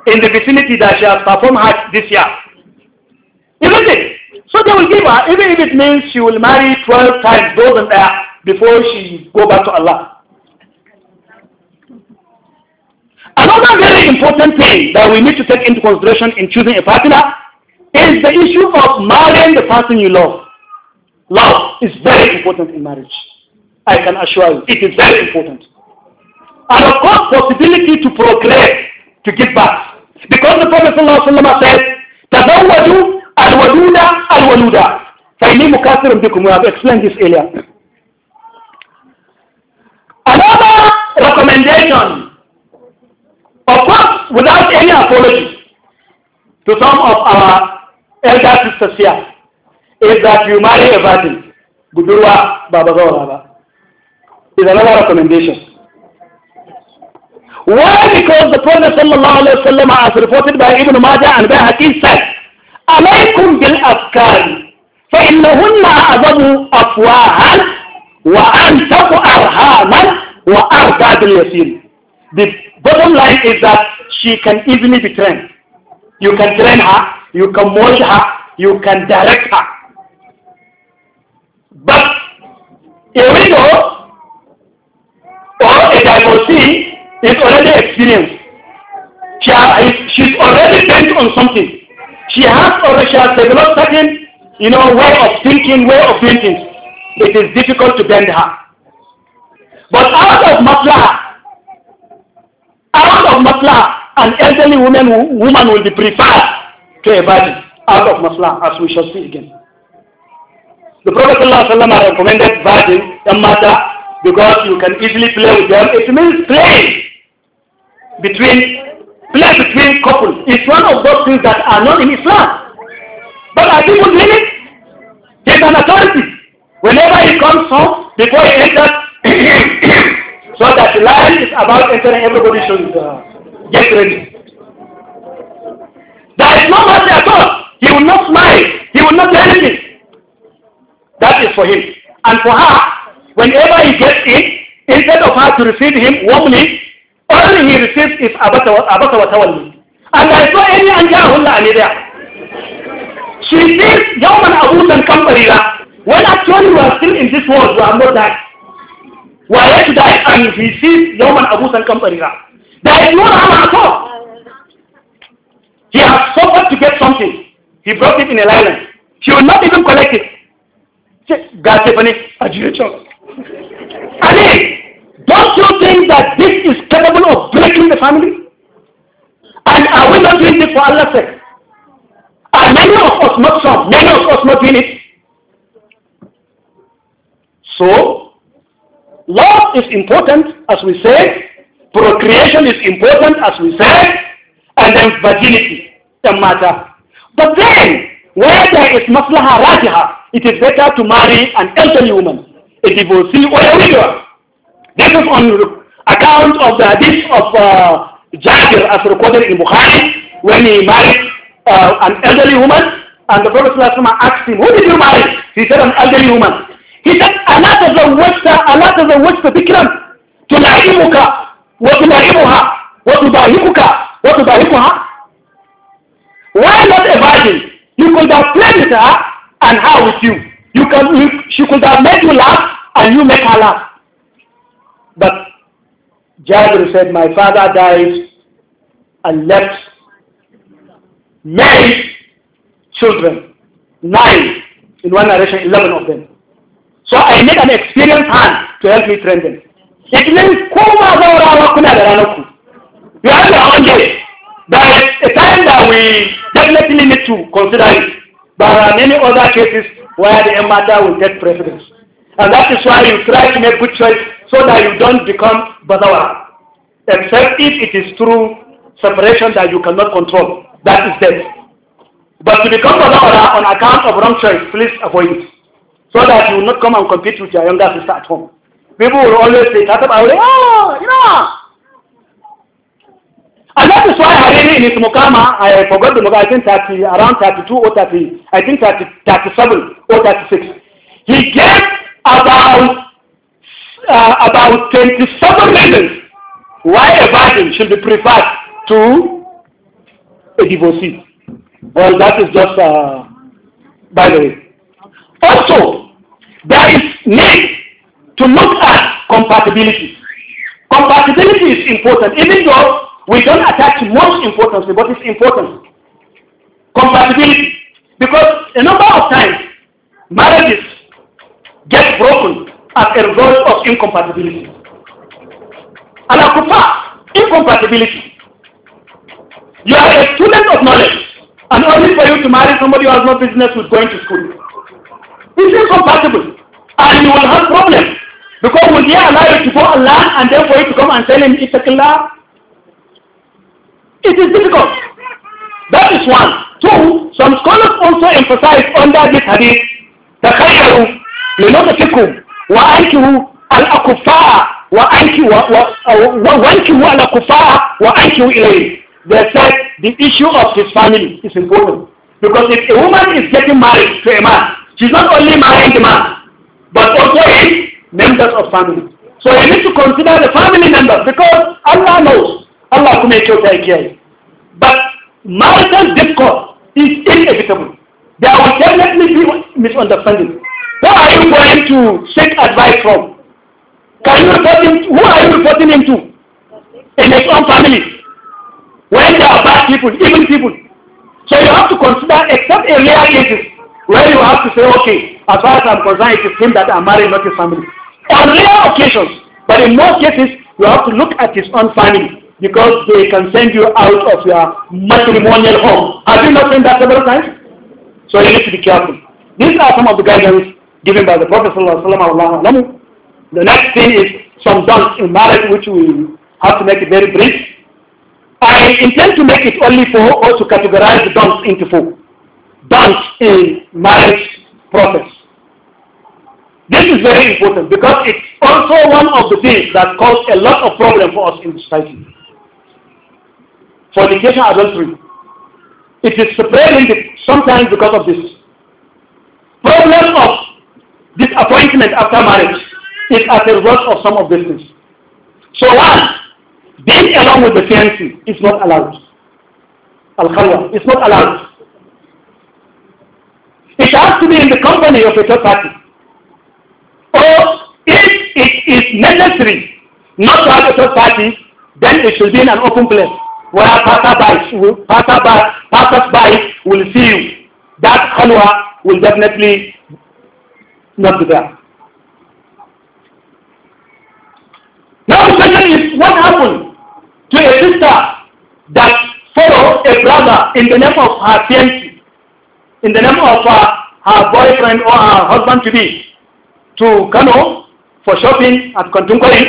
in the vicinity that she has performed Hajj this year. Isn't it? So they will give her, even if it means she will marry 12 times, those and that, before she go back to Allah. Another very important thing that we need to take into consideration in choosing a partner is the issue of marrying the person you love. Love is very important in marriage. I can assure you, it is very important. And of course, possibility to procreate, to give birth. Because the Prophet ﷺ said, تزوجوا al الولودا فإني مكاثر بكم. We have explained this earlier. Another recommendation, of course, without any apology, to some of our elder sisters here. is that you marry a virgin is another recommendation Why? Because the Prophet sallallahu alayhi wa sallam as reported by Ibn Majah and Bayhaqi said, عليكم azabu فإنهن wa antabu arhaman wa وأرضى yasin. The bottom line is that she can easily be trained. You can train her, you can mold her, you can direct her. Here we go. Or a divorcee is already experienced. She has, she's already bent on something. She has already she has developed certain, you know, way of thinking, way of doing things. It is difficult to bend her. But out of maslaha, out of maslaha, an elderly woman, woman will be preferred to a body out of maslaha, as we shall see again. The Prophet ﷺ recommended virgins, don't matter, because you can easily play with them. It means play between play between couples. It's one of those things that are not in Islam. But I people doing it? There's an authority. Whenever he comes home, before he enters, so that the lion is about entering, everybody should uh, get ready. There is no mercy at all. He will not smile. He will not do anything. That is for him. And for her, whenever he gets in, instead of her to receive him warmly, all he receives is abata wa tawalli. And I saw any anjahulla ani there. She thinks Yawman Abu and Kamparira, when actually we are still in this world, we are not that. We are yet to die and he sees Yawman Abu and Kamparira. There is no harm at all. He has suffered to get something. He brought it in a island. She will not even collect it gafe fa ne a don't you think that this is capable of breaking the family? And are we not doing this for Allah's sake? Are many of us not some? Many of us not doing it? So, love is important, as we say. Procreation is important, as we say. And then virginity, the matter. But then, where there is maslaha rajiha, it is better to marry an elderly woman, a divorcee or a widow. This is on account of the hadith of uh, Jabir as recorded in Bukhari when he married uh, an elderly woman and the Prophet asked him, who did you marry? He said, an elderly woman. He said, the the أَلَا تَزَوَّجْتَ أَلَا What بِكْرًا تُلَعِبُكَ وَتُلَعِبُهَا وَتُضَاهِكُكَ وَتُضَاهِكُهَا Why not a virgin? You could have played with her and her with you. You can, you, she could have made you laugh and you make her laugh. But Jabir said, My father died and left many children, nine in one narration, 11 of them. So I need an experienced hand to help me train them. It means You have the own But By the time that we definitely need to consider it. But there are many other cases where the mother will get preference. And that is why you try to make good choice so that you don't become badawa. Except if it is through separation that you cannot control. That is death. But to become badawa on account of wrong choice, please avoid it. So that you will not come and compete with your younger sister at home. People will always say, Tatab Aure, oh, you know, And that is why Hariri in his Mukama, I forgot the Mukama, I think 30, around 32 or 30, I think 30, 37 or 36, he gave about, uh, about 27 reasons why a virgin should be preferred to a divorcee. Well, that is just, uh, by the way. Also, there is need to look at compatibility. Compatibility is important, even though We don't attach much importance but it's important. Compatibility. Because a number of times, marriages get broken as a result of incompatibility. And I prefer incompatibility. You are a student of knowledge, and only for you to marry somebody who has no business with going to school. It's incompatible, and you will have problems because we they allow you to go and learn and then for you to come and tell him it's a killer? It is difficult. That is one. Two, some scholars also emphasize under this hadith, تخيلوا لنطفكم وأنكوا الأكفاء وأنكوا الأكفاء وأنكوا إليه. They said the issue of his family is important. Because if a woman is getting married to a man, she's not only marrying the man, but also his members of family. So you need to consider the family members because Allah knows. Allah kuma make you take care. But marital discord is inevitable. There will definitely be misunderstanding. Who are you going to seek advice from? Can you report him, who are you reporting him to? In his own family. When there are bad people, evil people. So you have to consider, except in rare cases, where you have to say, okay, as far as I'm concerned, it is him that I'm married, not his family. On rare occasions, but in most cases, you have to look at his own family. because they can send you out of your matrimonial home. Have you not seen that several times? So you need to be careful. These are some of the guidelines given by the Prophet ﷺ. The next thing is some don'ts in marriage, which we have to make it very brief. I intend to make it only four or to categorize the don'ts into four. Don'ts in marriage process. This is very important because it's also one of the things that caused a lot of problem for us in society fornication, adultery. It is spreading sometimes because of this. Problem of disappointment after marriage is as a result of some of these things. So one, being along with the fiancé is not allowed. Al-Khalwa, it's not allowed. It has to be in the company of a third party. Or if it is necessary not to have a third party, then it should be in an open place. where passerbys will passerby, passersbys will see you that khalwa will definitely not be there. Now the question is what happened to a sister that followed a brother in the name of her fiancé, in the name of her, her boyfriend or her husband to be, to Kano for shopping at Kontunkori?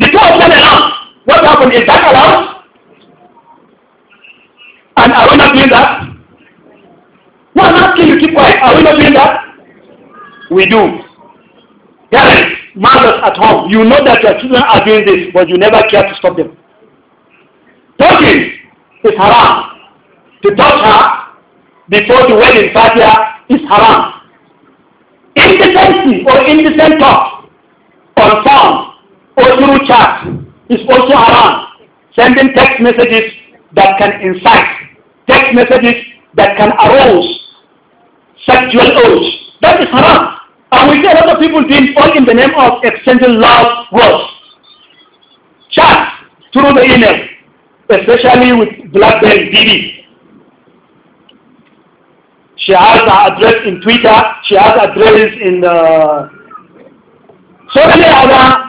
The two of them announced What happened? Is that allowed? And are we not doing that? Why not can you keep quiet? Are we not doing that? We do. Parents, mothers at home, you know that your children are doing this, but you never care to stop them. Talking is haram. To touch her before the wedding party is haram. Indecency or indecent talk, on phone or through chat is also haram. Sending text messages that can incite, text messages that can arouse sexual urge. That is haram. And we see a lot of people doing all in the name of exchanging love words. Chat through the email, especially with Blackberry DD. She has her address in Twitter. She has address in uh, so many other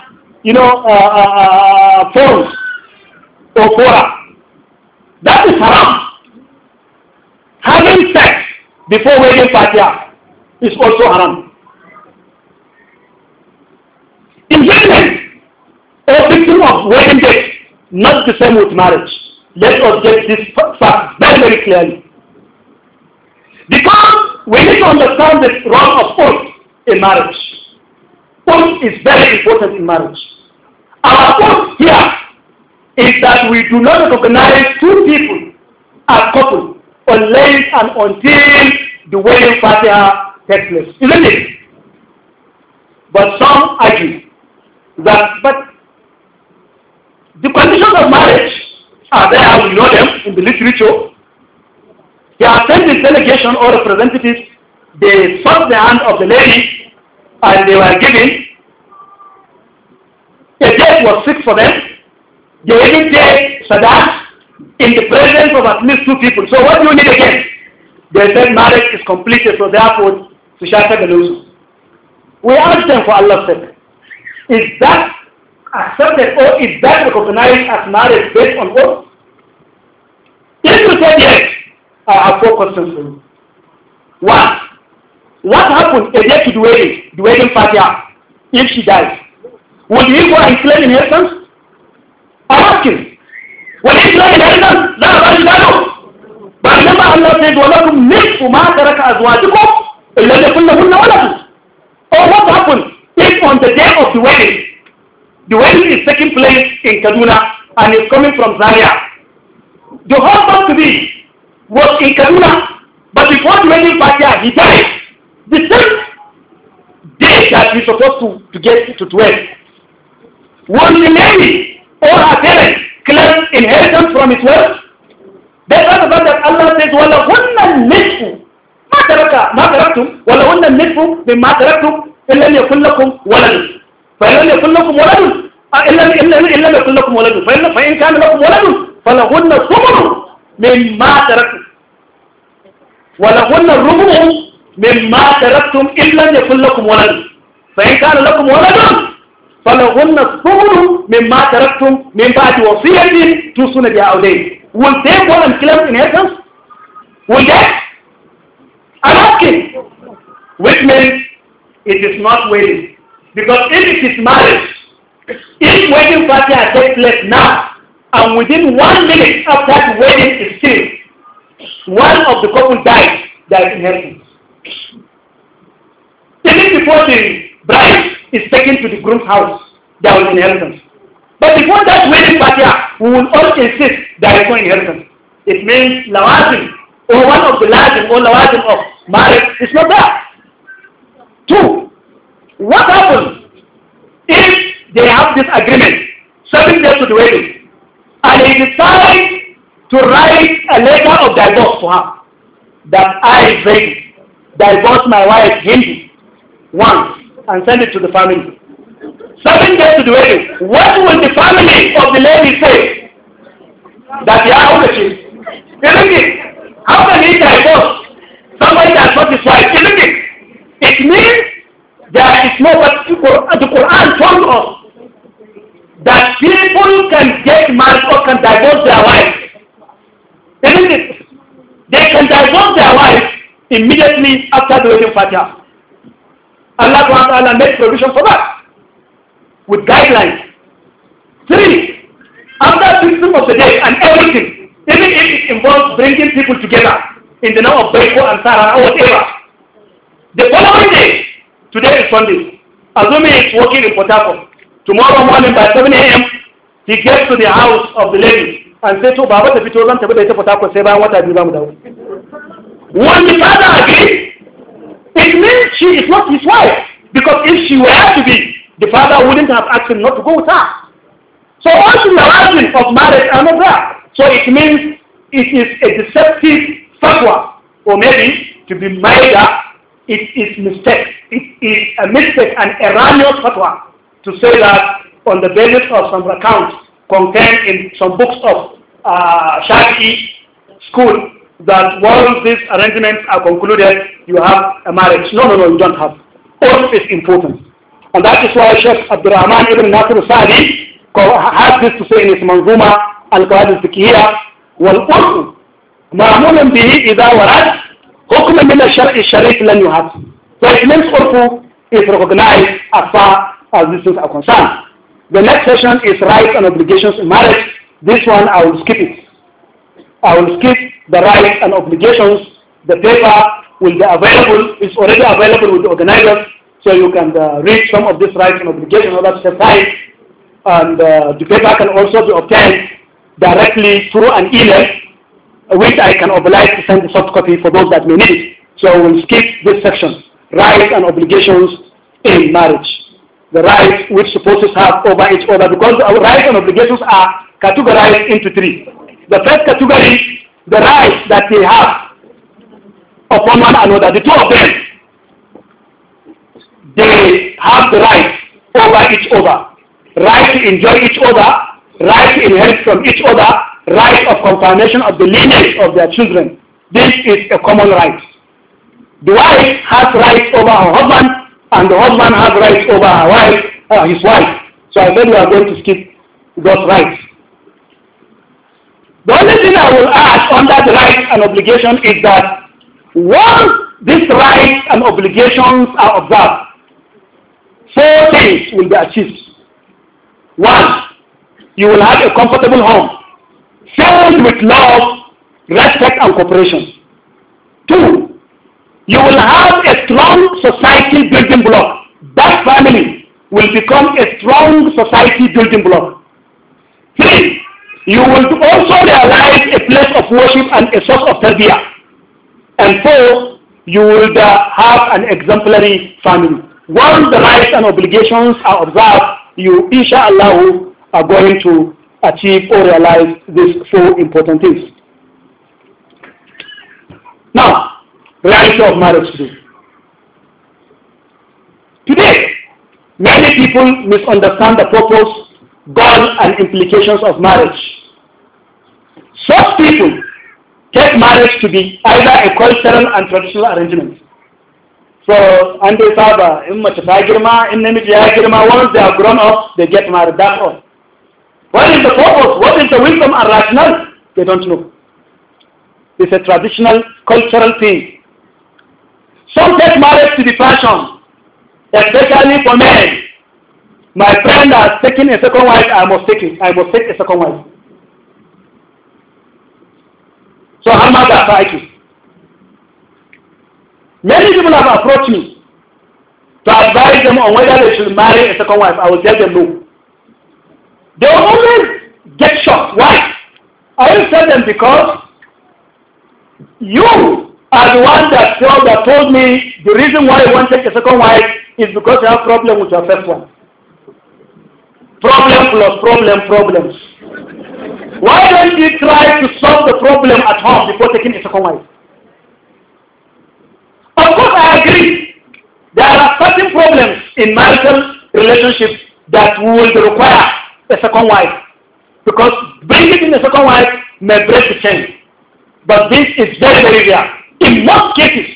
you know, uh, or uh, uh, fora. That is haram. Having sex before wedding party is also haram. Engagement or victim of wedding day, not the same with marriage. Let us get this fact very, very clearly. Because we need to understand the role of oath in marriage. Oath is very important in marriage. Our point here is that we do not recognize two people as couple unless and until the wedding party takes place, isn't it? But some argue that but the conditions of marriage are there, we know them in the literature. They are sending delegation or representatives, they sought the hand of the lady and they were given the death was sick for them. They even paid Sadat in the presence of at least two people. So what do you need again? They said marriage is completed, so therefore Sushaka news, We asked them for Allah's sake. Is that accepted or is that recognized as marriage based on what? If you said yes, I have four questions for you. One, what happened a day to the wedding, the wedding party, if she dies? Will you go and Islam in essence? I'm asking. Will claim in essence? That is value. But remember Allah said, وَلَكُمْ نِصْفُ مَا تَرَكَ أَزْوَاجُكُمْ إِلَّا يَكُنْ لَهُنَّ وَلَدٌ Or what happens if on the day of the wedding, the wedding is taking place in Kaduna and is coming from Zaria. The husband to be was in Kaduna, but before the wedding party, he died. The same day that we supposed to, to get to 12. One remaining or a parent claims inheritance from its wealth. That's the fact that Allah says, وَلَهُنَّ النِّصْفُ ما ترك ما تركتم ولهن النصف مما تركتم إن لم يكن لكم ولد فَإِلَّا لم يكن لكم ولد إن لم إن لم يكن لكم ولد فإن فإن كان لكم ولد فلهن الثمن مما تركتم ولهن الربع مما تركتم إن يكن لكم ولد فإن كان لكم ولد فلهن الثمن مما تركتم من بعد وصية توصون بها أو دين will they go and claim inheritance will they I'm asking which means it is not wedding because if it is marriage if wedding party has take place now and within one minute after that wedding is killed one of the couple dies there is inheritance even before the bride is taken to the groom's house, there will be inheritance. But before that wedding party, ah, we will all insist there is no inheritance. It means lawazim, or one of the lawazim, or lawazim of marriage is not there. Two, what happens if they have this agreement, serving them to the wedding, and they decide to write a letter of divorce to her, that I, Zaid, divorce my wife, Hindi, once, and send it to the family. Something goes to the wedding. What will the family of the lady say? That they are overseas. Isn't it? How can he divorce somebody that's not his wife? Isn't it? It means there is no what uh, the Quran told us that people can get married or can divorce their wife. Isn't it? They can divorce their wife immediately after the wedding father. Allah SWT made provision for that with guidelines. Three, after system of the day and everything, even if it involves bringing people together in the name of Beko and Sarah or whatever, the following day, today is Sunday, assuming it's working in Port Harcourt, tomorrow morning by 7 a.m., he gets to the house of the lady and says, to oh, Baba, the Pitoran, the Port Harcourt, say, I want to be One father agrees, it means she is not his wife. Because if she were to be, the father wouldn't have asked him not to go with her. So all the narrations of marriage are not there. So it means it is a deceptive fatwa. Or maybe, to be milder, it is mistake. It is a mistake, an erroneous fatwa, to say that on the basis of some accounts contained in some books of uh, Shafi school, that once these arrangements are concluded, you have a marriage. No, no, no, you don't have. Oath is important. And that is why Sheikh Abdurrahman ibn Nasir Sadi has this to say in his Manzuma al qawaid al-Fiqhiyya wal-Qur'u ma'amulan bihi idha warad hukman min al-shar'i sharif lan yuhad. So it means Urfu is recognized as far as these things are concerned. The next session is rights and obligations in marriage. This one I will skip it. I will skip the rights and obligations. The paper will be available, it's already available with the organizers, so you can uh, read some of these rights and obligations on that website. And uh, the paper can also be obtained directly through an email, which I can oblige to send the soft copy for those that may need it. So we'll skip this section, rights and obligations in marriage. The rights which spouses have over each other, because our rights and obligations are categorized into three. The first category the rights that they have upon one another, the two of them, they have the right over each other. Right to enjoy each other, right to inherit from each other, right of confirmation of the lineage of their children. This is a common right. The wife has rights over her husband, and the husband has rights over her wife, uh, his wife. So I said we are going to skip those rights. The only thing I will add on that right and obligation is that once these rights and obligations are observed, four things will be achieved. One, you will have a comfortable home filled with love, respect, and cooperation. Two, you will have a strong society building block. That family will become a strong society building block. Three, you will also realize a place of worship and a source of tarbiyah. And so you will have an exemplary family. Once the rights and obligations are observed, you, inshallah, are going to achieve or realize these four important things. Now, reality of marriage today. Today, many people misunderstand the purpose, goal, and implications of marriage. Such people take marriage to be either a cultural and traditional arrangement. So, and they saba, in in namiji ya girma, once they are grown up, they get married, that's all. What is the purpose? What is the wisdom and rationale? They don't know. It's a traditional, cultural thing. Some take marriage to be fashion, especially for men. My friend has taken a second wife, I must take it. I must take a second wife. So how much are fighting? Many people have approached me to advise them on whether they should marry a second wife. I will tell them no. They will always get shocked. Why? I will tell them because you are the one that told, that told me the reason why you want to take a second wife is because you have problem with your first one. Problem plus problem, problems. Why don't you try to solve the problem at home before taking a second wife? Of course, I agree. There are certain problems in marital relationships that would require a second wife. Because bringing in a second wife may break the chain. But this is very, very rare. In most cases,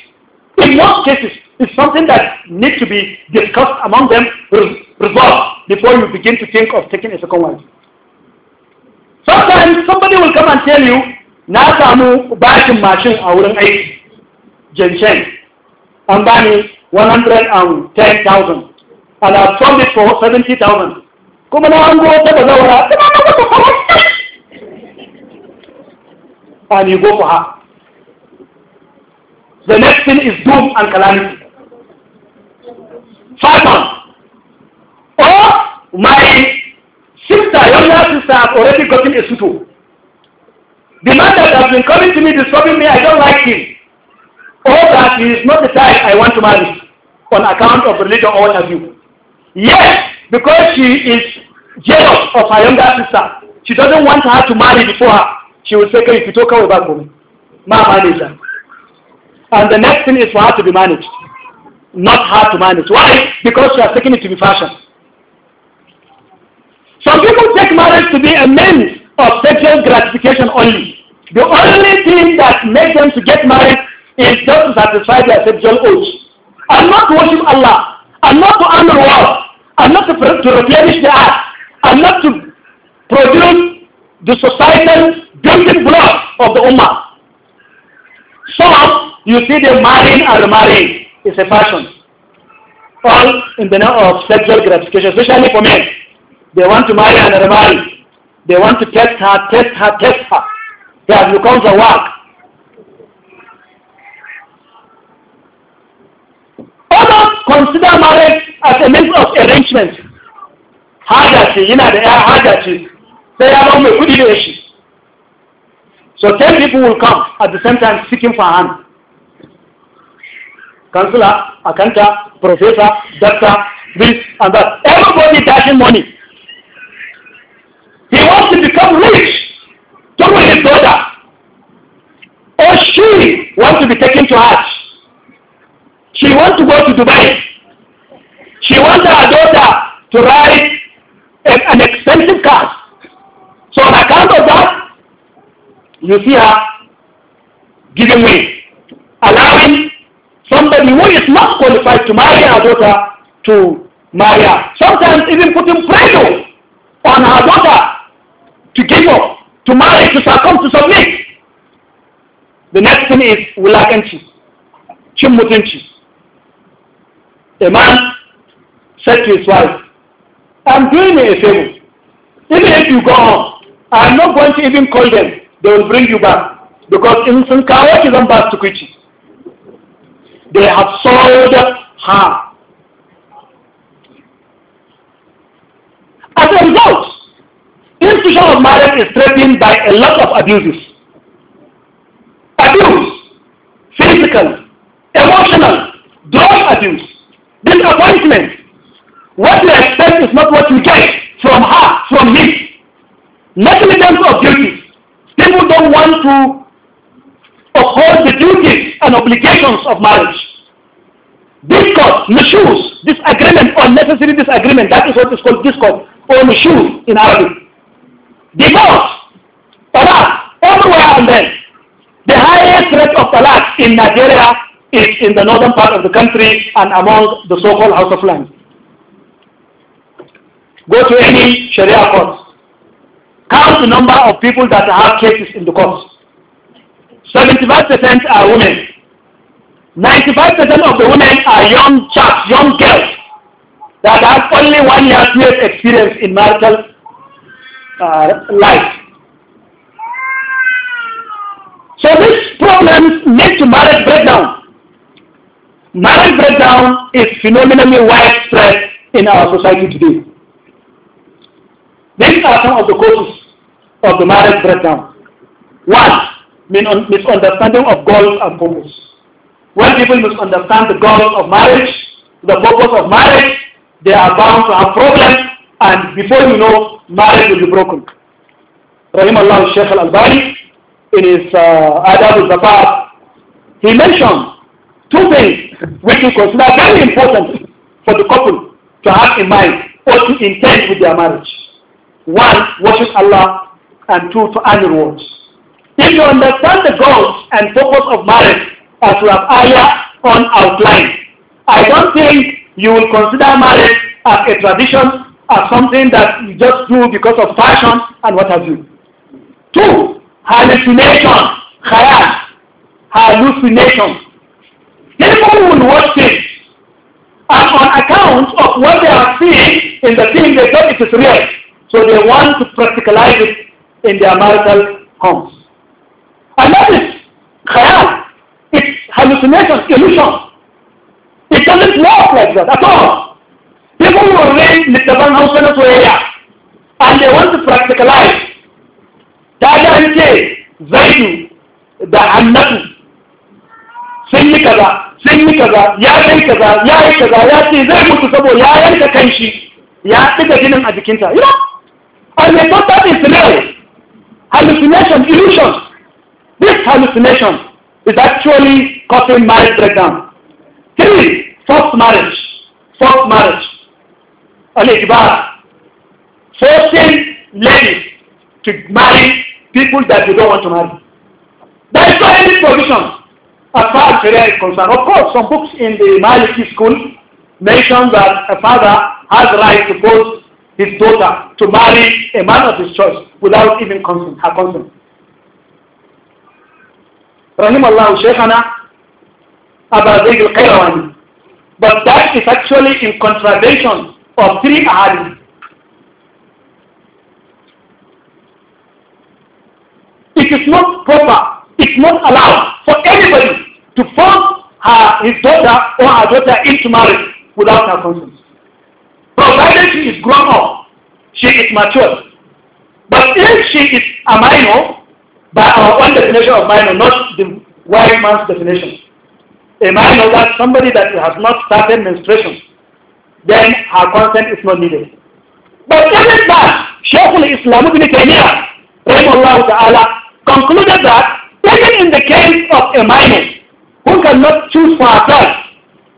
in most cases, it's something that needs to be discussed among them, resolved, before you begin to think of taking a second wife. sometimes somebody will come and tell you na samu bashin mashin a wurin aiki jinchen an bani 110,000 and I've sold it for 70,000 kuma na an ta da zawara kuma na wata kawai and you go for her the next thing is doom and calamity Satan or my!" sister, younger sister, has already gotten a suitor. The man that has been coming to me, disturbing me, I don't like him. All that he is not the type I want to marry on account of religion or what have you. Yes, because she is jealous of her younger sister. She doesn't want her to marry before her. She will say, if you talk about back home, my manager. And the next thing is for her to be managed, not her to manage. Why? Because she has taken it to be fashion. Some people take marriage to be a means of sexual gratification only. The only thing that makes them to get married is just to satisfy their sexual urge. And not to worship Allah. And not to earn wealth. And not to, to replenish the earth. And not to produce the societal building block of the Ummah. So you see the marrying and remarrying. is a fashion. All in the name of sexual gratification, especially for men. They want to marry another marry. They want to test her, test her, test her. They have become the work. Others consider marriage as a means of arrangement. Haja you know, da ya haja ce sai ya good mai So ten people will come at the same time seeking for hand. Counselor, accountant, professor, doctor, this and that. Everybody dashing money. He wants to become rich through his daughter. Or she wants to be taken to Hajj. She wants to go to Dubai. She wants her daughter to ride an expensive car. So on account of that, you see her giving way, allowing somebody who is not qualified to marry her daughter to marry her. Sometimes even putting pressure on her daughter people to marry, to succumb, to submit. The next thing is wulakanci, cin mutunci. A man said to his wife, I'm doing me a favor. Even if you go on, I'm not going to even call them. They will bring you back. Because in some kawachi not back to Kuchi. They have sold her. As a result, institution of marriage is threatened by a lot of abuses. Abuse, physical, emotional, drug abuse, disappointment. What you expect is not what you get from her, from him. Negligence of duties. People don't want to uphold the duties and obligations of marriage. Discord, misuse, disagreement, unnecessary disagreement. That is what is called discord or misuse in Arabic. Because, talaq, everywhere them. The highest rate of talak in Nigeria is in the northern part of the country and among the so-called House of Lands. Go to any Sharia court. Count the number of people that have cases in the courts. 75% are women. 95% of the women are young chaps, young girls that have only one year's experience in marital are uh, life. So these problems lead to marriage breakdown. Marriage breakdown is phenomenally widespread in our society today. These are some of the causes of the marriage breakdown. One, misunderstanding of goals and purpose. When people misunderstand the goals of marriage, the purpose of marriage, they are bound to have problems and before you know, marriage will be broken. Rahim Allah Sheikh al-Albani, in his uh, Adab al-Zafar, he mentioned two things which he considered very important for the couple to have in mind or to intend with their marriage. One, worship Allah, and two, to earn rewards. If you understand the goals and purpose of marriage as we have earlier on outlined, I don't think you will consider marriage as a tradition as something that you just do because of fashion, and what have you. Two, hallucination, khayal, hallucination. People will watch things and on account of what they are seeing in the thing they thought it is real. So they want to practicalize it in their marital homes. And that is khayal. It's hallucination, illusion. It doesn't work like that at all. Even when rain littattafan Hausa na soyayya, and they want to practicalize, ta ga an ce Zaidu da Annatu sun yi kaza, sun yi kaza, ya kai kaza, ya yi kaza, ya ce zai mutu sabo. ya yanka kan shi, ya ɗiga jinin a jikinta. You know? And they thought that is real. Hallucination, illusion This hallucination is actually causing marriage breakdown. Three, forced marriage. Forced marriage. al-ijbar, forcing ladies to marry people that they don't want to marry. There is no any provision as far as Sharia is concerned. Of course, some books in the Maliki school mention that a father has the right to force his daughter to marry a man of his choice without even consent, her consent. But that is actually in contradiction. of three ahadith. It is not proper, it's not allowed for anybody to force her, his daughter or her daughter into marriage without her consent. Provided she is grown up, she is mature. But if she is a minor, by our own definition of minor, not the white man's definition, a minor that somebody that has not started menstruation then her consent is not needed. But even that, Shaykh al-Islam ibn Taymiyyah, ta'ala, concluded that even in the case of a minor who cannot choose for herself,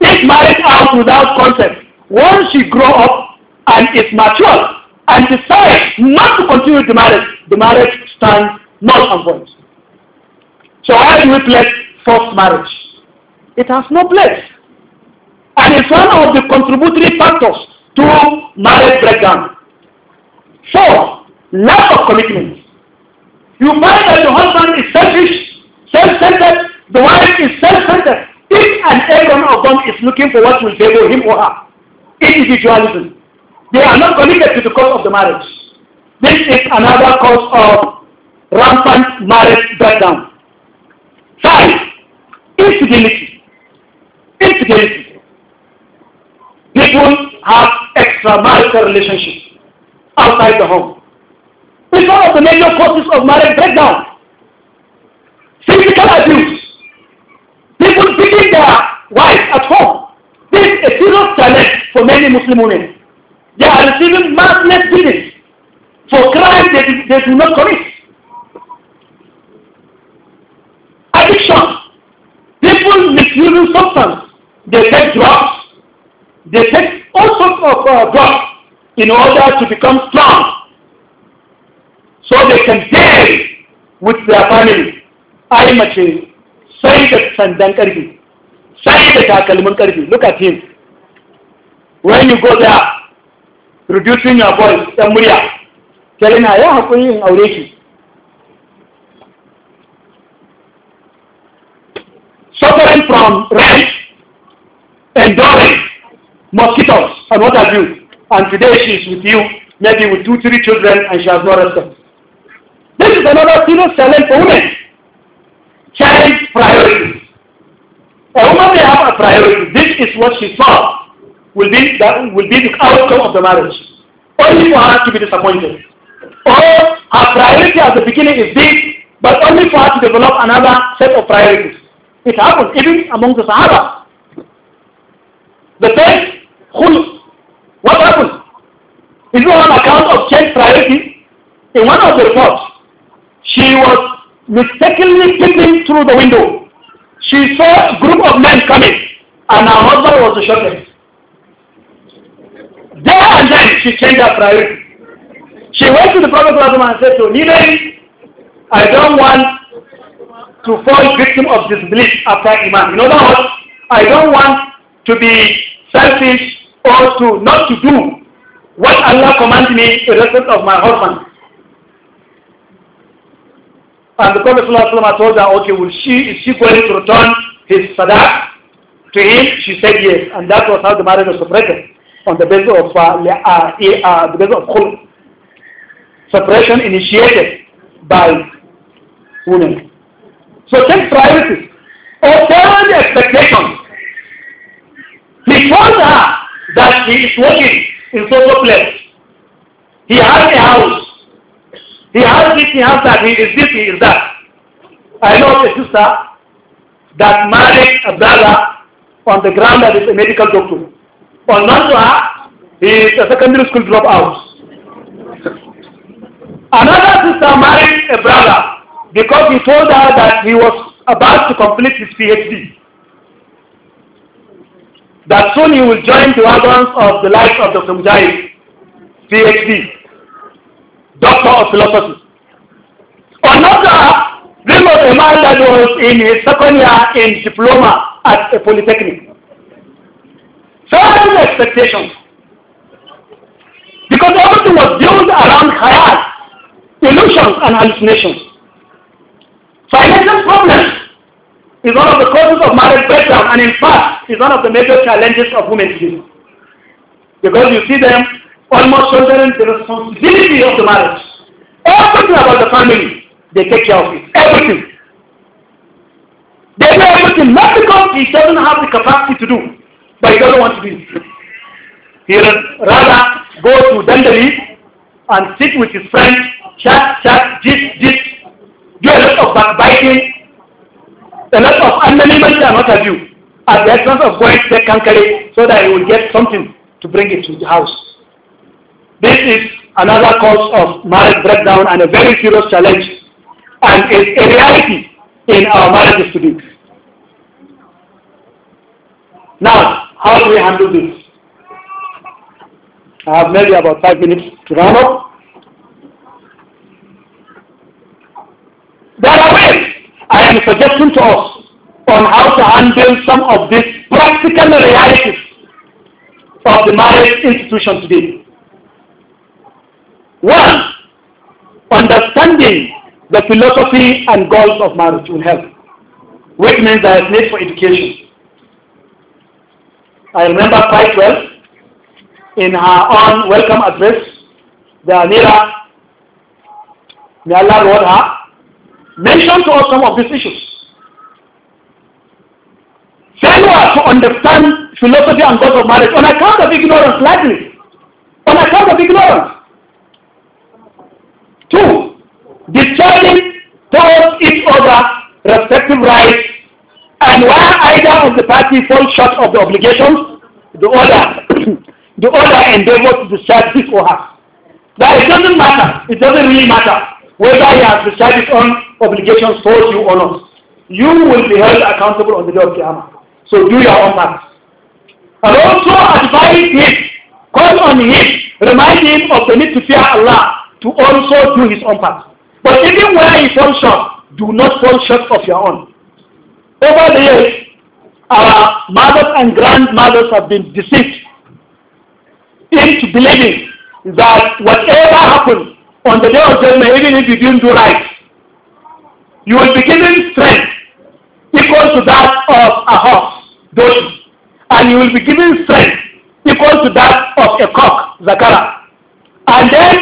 take marriage out without consent, once she grow up and is mature and decides not to continue the marriage, the marriage stands null and void. So why do we place forced marriage? It has no place and it's one of the contributory factors to marriage breakdown. Four, lack of commitment. You find that the husband is selfish, self-centered, the wife is self-centered. Each and every one of them is looking for what will favor him or her. Individualism. They are not committed to the cause of the marriage. This is another cause of rampant marriage breakdown. Five, infidelity. Infidelity. People have extramarital relationships outside the home. It's one of the major causes of marriage breakdown. Physical abuse. People beating their wives at home. This is a serious challenge for many Muslim women. They are receiving massless beatings for crimes they, they do not commit. Addiction. People misusing substance. They take drugs they take all sorts of uh, drugs in order to become strong so they can deal with their family. I mace sai da sandan karfi, sai da takalmin Look at him. When you go there, reducing your voice, ɗan murya, telling her, ya haƙuri yin Suffering from rent, enduring, mosquitoes, and what have you. And today she is with you, maybe with two, three children, and she has no respect. This is another serious challenge for women. Child priorities. A woman may have a priority. This is what she saw will be, that will be the outcome of the marriage. Only for her to be disappointed. Or her priority at the beginning is this, but only for her to develop another set of priorities. It happens even among the Sahaba. The text who? What happened? Is it on account of change priority? In one of the reports, she was mistakenly peeping through the window. She saw a group of men coming, and her husband was the shortest. There and then, she changed her priority. She went to the Prophet and said to him, I don't want to fall victim of disbelief after Iman. In other words, I don't want to be selfish or to not to do what Allah commands me in respect of my husband. And the Prophet told her, okay, will she, is she going to return his sadaq to him? She said yes. And that was how the marriage was separated on the basis of, uh, uh, uh, the basis of khul. Separation initiated by women. So take priorities. Or the expectations. He told her that he is working in social place. He has a house. He has this, he has that, he is this, he is that. I know a sister that married a brother on the ground that is a medical doctor. On one he is a secondary school dropout. Another sister married a brother because he told her that he was about to complete his PhD. that soon he will join the ranks of the likes of Dr. Mujahid, PhD, Doctor of Philosophy. Another dream of a man that was in his second year in diploma at a polytechnic. Certain expectations. Because everything was built around khayal, illusions and hallucinations. Financial problems is one of the causes of marriage breakdown and in fact is one of the major challenges of women today. Because you see them almost shouldering the responsibility of the marriage. Everything about the family, they take care of it. Everything. They do everything, not because he doesn't have the capacity to do, but he doesn't want to do He rather go to Dundee and sit with his friends, chat, chat, gist, gist, do a lot of backbiting, the lot of anonymity are not of you. At the expense of going to country so that you will get something to bring it to the house. This is another cause of marriage breakdown and a very serious challenge and is a reality in our marriages today. Now, how do we handle this? I have maybe about five minutes to run up. There are ways and suggesting to us on how to handle some of these practical realities of the marriage institution today. One, understanding the philosophy and goals of marriage will help, which means there is need for education. I remember quite well in her own welcome address, the Anira, may Allah reward her, mention to us some of these issues. Failure to understand philosophy and God of marriage on account of ignorance, likely. On account of ignorance. Two, discharging towards each other respective rights and where either of the party falls short of the obligations, the other, the other endeavors to discharge this or her. That it doesn't matter. It doesn't really matter. whether he has discharged his own obligations towards you or not. You will be held accountable on the day of Qiyamah. So do your own part. And also advise him, call on him, remind him of the need to fear Allah to also do his own part. But even where he falls short, do not fall short of your own. Over the years, our mothers and grandmothers have been deceived into believing that whatever happens on the day of judgment, even if you didn't do right, you will be given strength equal to that of a horse, donkey, and you will be given strength equal to that of a cock, zakara. And then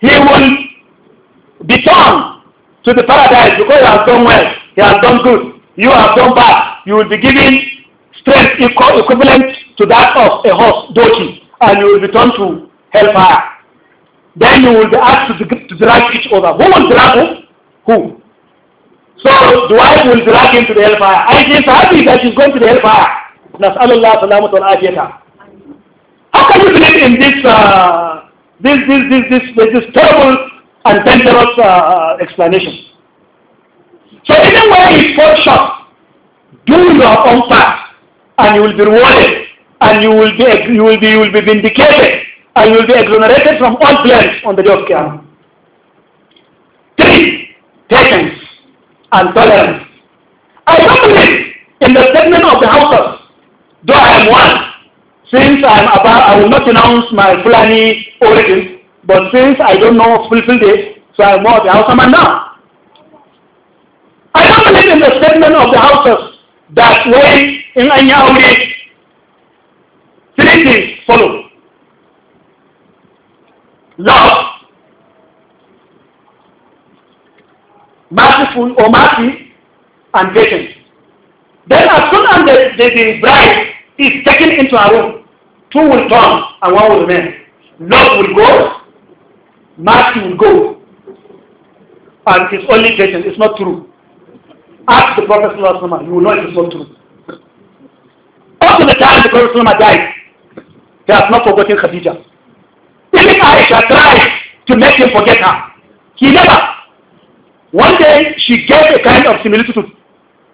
he will be turned to the paradise because he has done well, he has done good, you have done bad. You will be given strength equal, equivalent to that of a horse, donkey, and you will be turned to hellfire. Then you will be asked to, to drag each other. Who will drag who? Who? So the wife will drag him to the hellfire. And she happy that she's going to the hellfire. Nas'alullah salamat wal How can you believe in this, uh, this, this, this, this, this, terrible and dangerous uh, explanation? So even when it's fall short, do your own part and you will be rewarded and you will be, you will be, you will be vindicated and you will be exonerated from all claims on the day of Qiyamah. Three, patience and tolerance. I don't believe in the statement of the houses, though I am one, since I am about, I will not announce my Fulani origins, but since I don't know fulfilled it, so I am more of the house man now. I don't believe in the statement of the houses that when in any love merciful or oh, mercy and patience. Then as soon as the, the, the bride is taken into her room, two will come and one will remain. Love will go, mercy will go, and it's only patience. It's not true. Ask the Prophet Sallallahu you will know it is not true. Up to the time the Prophet Sallallahu Alaihi Wasallam died, he has not forgotten Khadijah. Even Aisha tried to make him forget her. He never. One day she gave a kind of similitude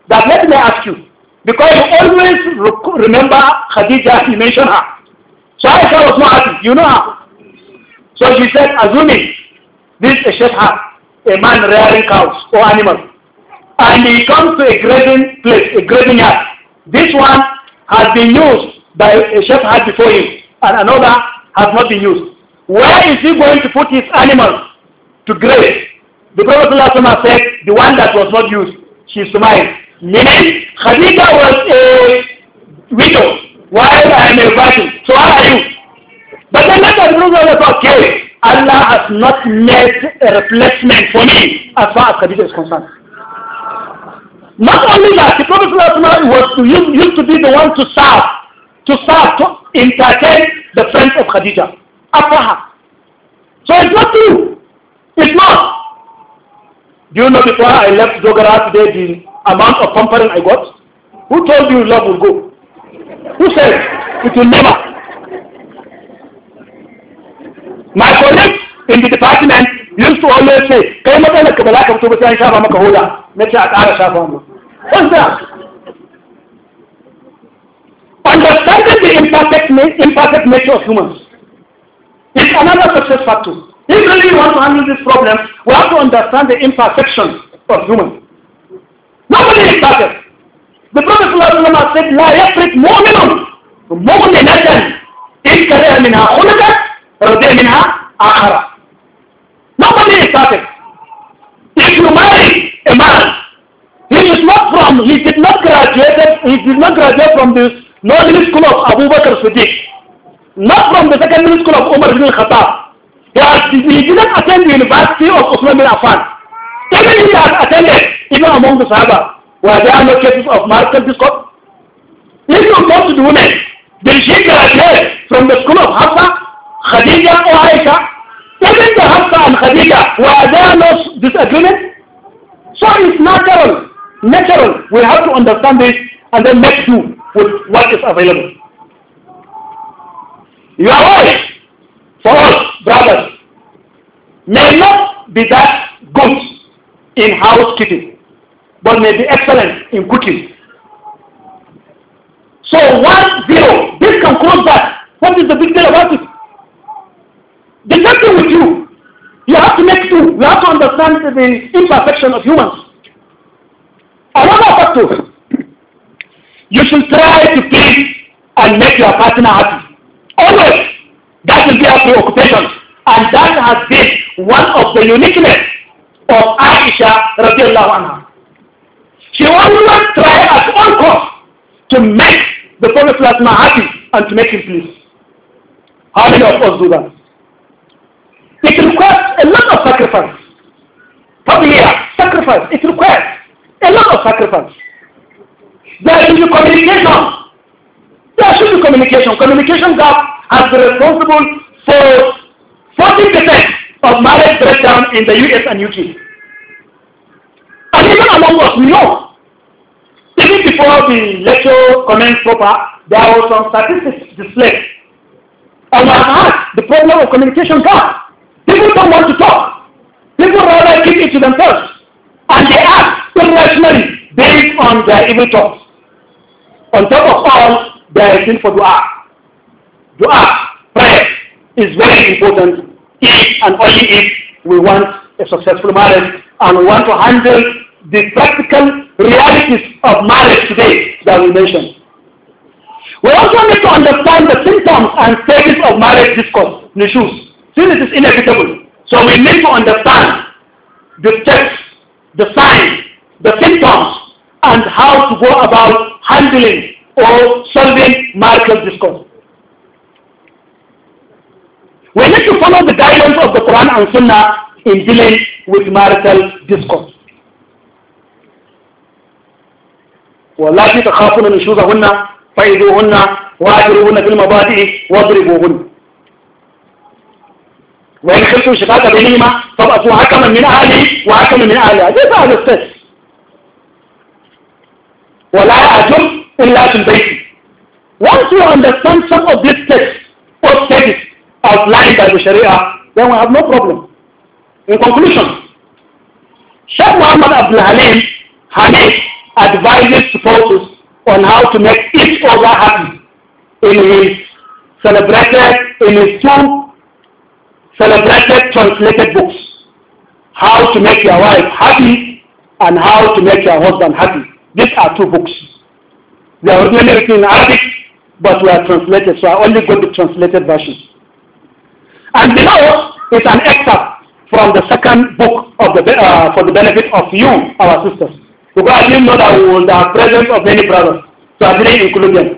that let me ask you, because you always remember Khadija, you mentioned her. So Aisha was not happy, you know her. So she said, assuming this is a shepherd, a man rearing cows or animals, and he comes to a grazing place, a grazing yard. This one has been used by a shepherd before him, and another has not been used. Where is he going to put his animals to graze? The Prophet ﷺ said, the one that was not used, she is mine. Meaning, Khadija was a widow, while I am a virgin. So how are you? But then later the Prophet said, okay, Allah has not made a replacement for me as far as Khadija is concerned. Not only that, the Prophet was to, used to be the one to serve, to serve, to entertain the friends of Khadija after her. So it's not true. It's not. Do you know before I left Zogara today the amount of pampering I got? Who told you love will go? Who said it will never? My colleagues in the department used to always say, kai matsalar ka ba za ka fito ba sai an shafa maka hoda, na ce a What's that? Understanding the imperfect, imperfect nature of humans It's another success factor. If really we want to handle this problem, we have to understand the imperfections of human. Nobody is perfect. The Prophet ﷺ said, لا يفرق مؤمن مؤمنة in كره منها خلقة رضي منها آخرة. Nobody is perfect. If you marry a man, he is not from, he did not graduate, he did not graduate from this lovely school of Abu Bakr Siddiq. not from the secondary school of Umar ibn al-Khattab. He, didn't attend the University of Usman bin Affan. Even he has attended, even among the Sahaba, where there are no cases of marital discord. If you go the women, they should graduate from the school of Hafsa, Khadija or Aisha. Even the Hafsa and Khadija, where there are no disagreements. So it's natural, natural. We have to understand this and then make do with what is available. Your wife, us brothers, may not be that good in housekeeping, but may be excellent in cooking. So one zero, this can cause that. What is the big deal about it? The same thing with you. You have to make do. You have to understand the imperfection of humans. Another factor. You should try to please and make your partner happy. Always. That will be our preoccupation. And that has been one of the uniqueness of Aisha radiallahu anha. She always tried at all costs to make the Prophet happy and to make him pleased. How many of us do that? It requires a lot of sacrifice. Come here, sacrifice. It requires a lot of sacrifice. There is be communication especially communication. Communication gap has been responsible for 40% of marriage breakdown in the US and UK. And even among us, we know. Even before the lecture commenced proper, there were some statistics displayed. And we have had the problem of communication gap. People don't want to talk. People rather keep it to themselves. And they act irrationally based on their evil thoughts. On top of all, direction for dua. Dua, prayer, is very important if and only if we want a successful marriage and we want to handle the practical realities of marriage today that we mentioned. We also need to understand the symptoms and stages of marriage discourse, issues, since it is inevitable. So we need to understand the steps, the signs, the symptoms, and how to go about handling or solving marital discourse. We need to follow the guidance of the Quran and Sunnah in dealing with marital discourse. والله تخافون نشوزهن فإذوهن واجروهن في المبادئ واضربوهن وإن خلتم شقاق بينهما فابعثوا حكما من أهلي وحكما من أهلها هذا هذا السيس ولا يعجب Latin basis. Once you understand some of these texts or stages outlined by the Sharia, then we have no problem. In conclusion, Sheikh Muhammad Abdul Halim Hanif advises supporters on how to make each other happy in his celebrated, in his two celebrated translated books. How to make your wife happy and how to make your husband happy. These are two books. They are originally written in Arabic, but we are translated, so I only got the translated version. And below is an excerpt from the second book of the, uh, for the benefit of you, our sisters. Because I didn't know that we were the presence of many brothers, so I didn't include them.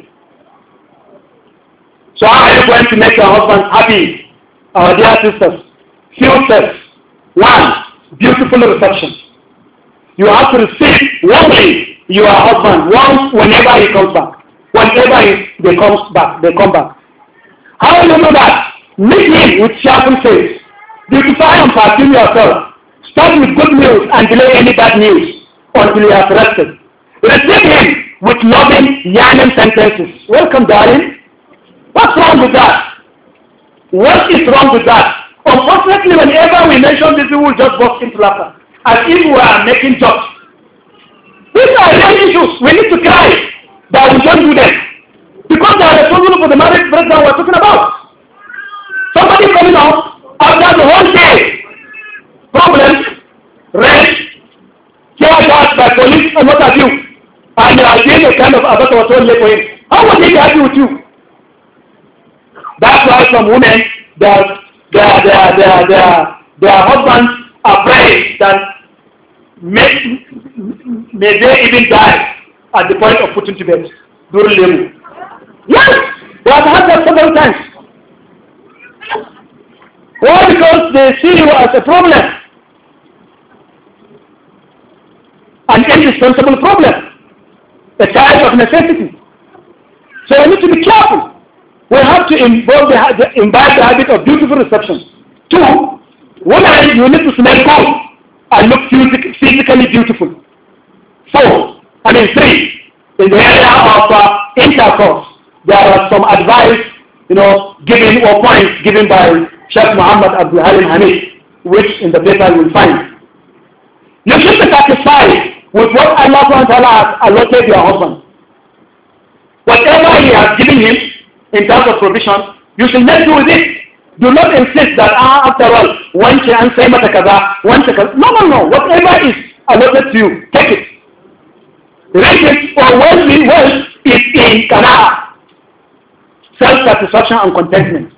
So how are you going to make your husband happy, our dear sisters? Few steps. One, beautiful reception. You have to receive warmly your husband once whenever he comes back. Whenever he, they comes back, they come back. How do you know that? Meet him with sharpened face. Beautify and perfume yourself. Start with good news and delay any bad news until you have rested. Receive him with loving, yarning sentences. Welcome, darling. What's wrong with that? What is wrong with that? Unfortunately, whenever we mention this, we will just burst into laughter. As if we are making jokes. These are real issues. We need to cry that we don't do them. Because they are responsible for the marriage breakdown we're talking about. Somebody coming out after the whole day. Problems, rent, care that by police and what have you. And you are doing a kind of abuse of authority for him. How would he be happy with you? That's why some women, their, their, their, their, their, their husbands are brave that make May they even die at the point of putting to bed during labor. Yes! They have had that several times. Why? Because they see you as a problem. An indispensable problem. A child of necessity. So we need to be careful. We have to involve the, the, imbibe the habit of beautiful reception. Two, women, you need to smell good and look physically beautiful four, I mean three, in the area of uh, intercourse. There are some advice, you know, given or points given by Sheikh Muhammad Abdul Halim Hamid, which in the paper you will find. You should be satisfied with what Allah SWT has allotted your husband. Whatever He has given him in terms of provision, you should not do with it. Do not insist that, ah, after all, one you answer mata No, no, no. Whatever is allotted to you, take it. Riches or worldly wealth is in qana'a, self-satisfaction and contentment.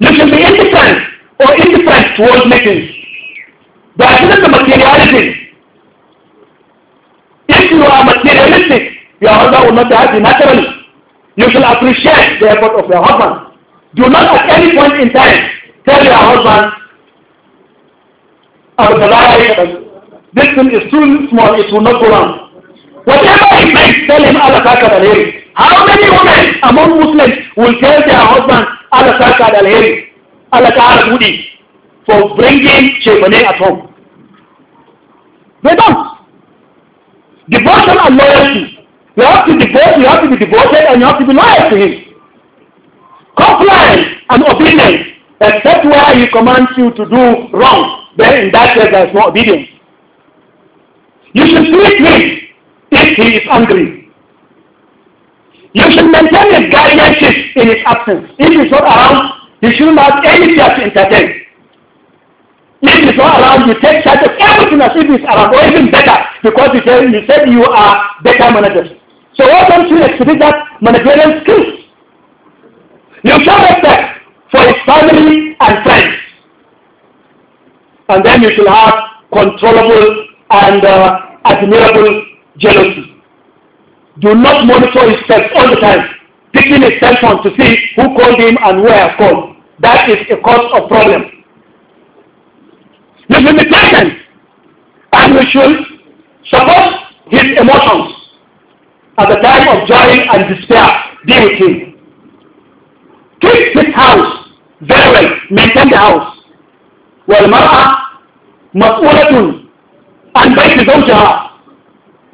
You should be indifferent or indifferent towards making. But I not the materiality. If you are materialistic, your husband will not be happy naturally. You should appreciate the effort of your husband. Do not at any point in time tell your husband, I will this thing is too small, it will not go round. Whatever he may tell him Allah Takat al -Hiri. How many women among Muslims will tell their husband Allah Takat al -Hiri, Allah Ta'ala Budi, for bringing Chebane at home? They don't. Devotion and loyalty. You have to devote, you have to be devoted, and you have to be loyal to him. Compliance and obedience, except where he commands you to do wrong, then in that case there is no obedience. You should treat him if he is angry. You should maintain his guardianship in his absence. If he's not around, you shouldn't have any care to entertain. If he's not around, you take charge of everything as if he's around, or even better, because you said you, said you are better managers. So why don't you exhibit that managerial skills? You show respect for his family and friends. And then you should have controllable and uh, admirable jealousy. Do not monitor his text all the time, picking his cell phone to see who called him and where called. That is a cause of problem. the limitations, and we should support his emotions at the time of joy and despair. Deal with him. Keep his house very well. Maintain the house. and مسؤولة his own job,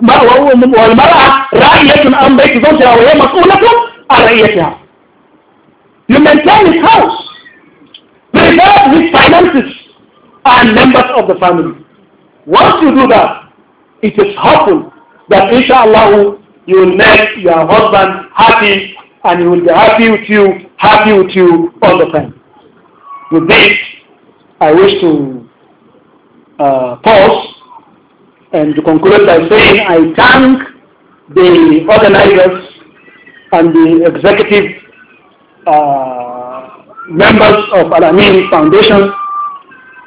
والمرأة رأية بيت زوجها وهي مسؤولة عن You maintain his house, preserve his finances and members of the family. Once you do that, it is hopeful that inshallah you will make your husband happy and he will be happy with you, happy with you all the time. With this, I wish to uh, pause and to conclude by saying I thank the organizers and the executive uh, members of al Foundation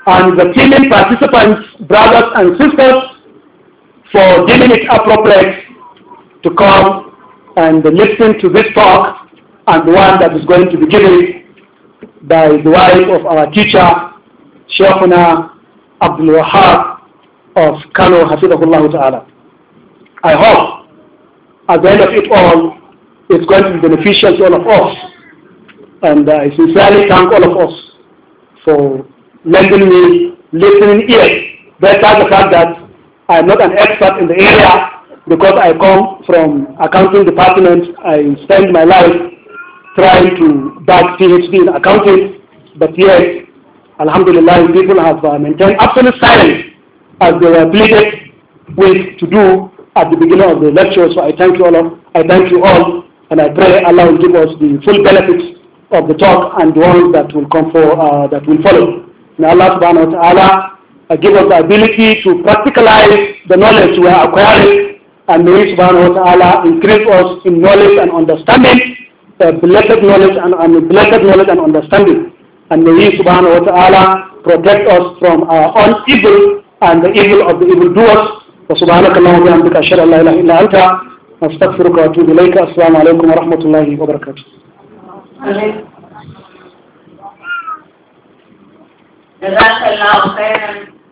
and the teaming participants, brothers and sisters for giving it appropriate to come and listen to this talk and the one that is going to be given by the wife of our teacher, Shaykhuna Abdul Wahab of Kano Hafidahullah Ta'ala. I hope at the end of it all, it's going to be beneficial to all of us. And I sincerely thank all of us for lending me listening ears. Besides the fact that I'm not an expert in the area because I come from accounting department, I spend my life trying to bag PhD in accounting, but yet, alhamdulillah, people have uh, maintained absolute silence as they were pleaded with to do at the beginning of the lecture. So I thank you all. Of, I thank you all, and I pray Allah will give us the full benefits of the talk and the ones that will come for uh, that will follow. May Allah subhanahu wa taala uh, give us the ability to practicalize the knowledge we are acquiring, and may subhanahu wa taala increase us in knowledge and understanding, uh, blessed knowledge and, and blessed knowledge and understanding. And may subhanahu wa ta'ala protect us from our own evil and the evil of the evildoers. وسبحانك اللهم وبحمدك أشهد أن لا إله إلا أنت أستغفرك وأتوب إليك السلام عليكم ورحمة الله وبركاته. جزاك الله خيرا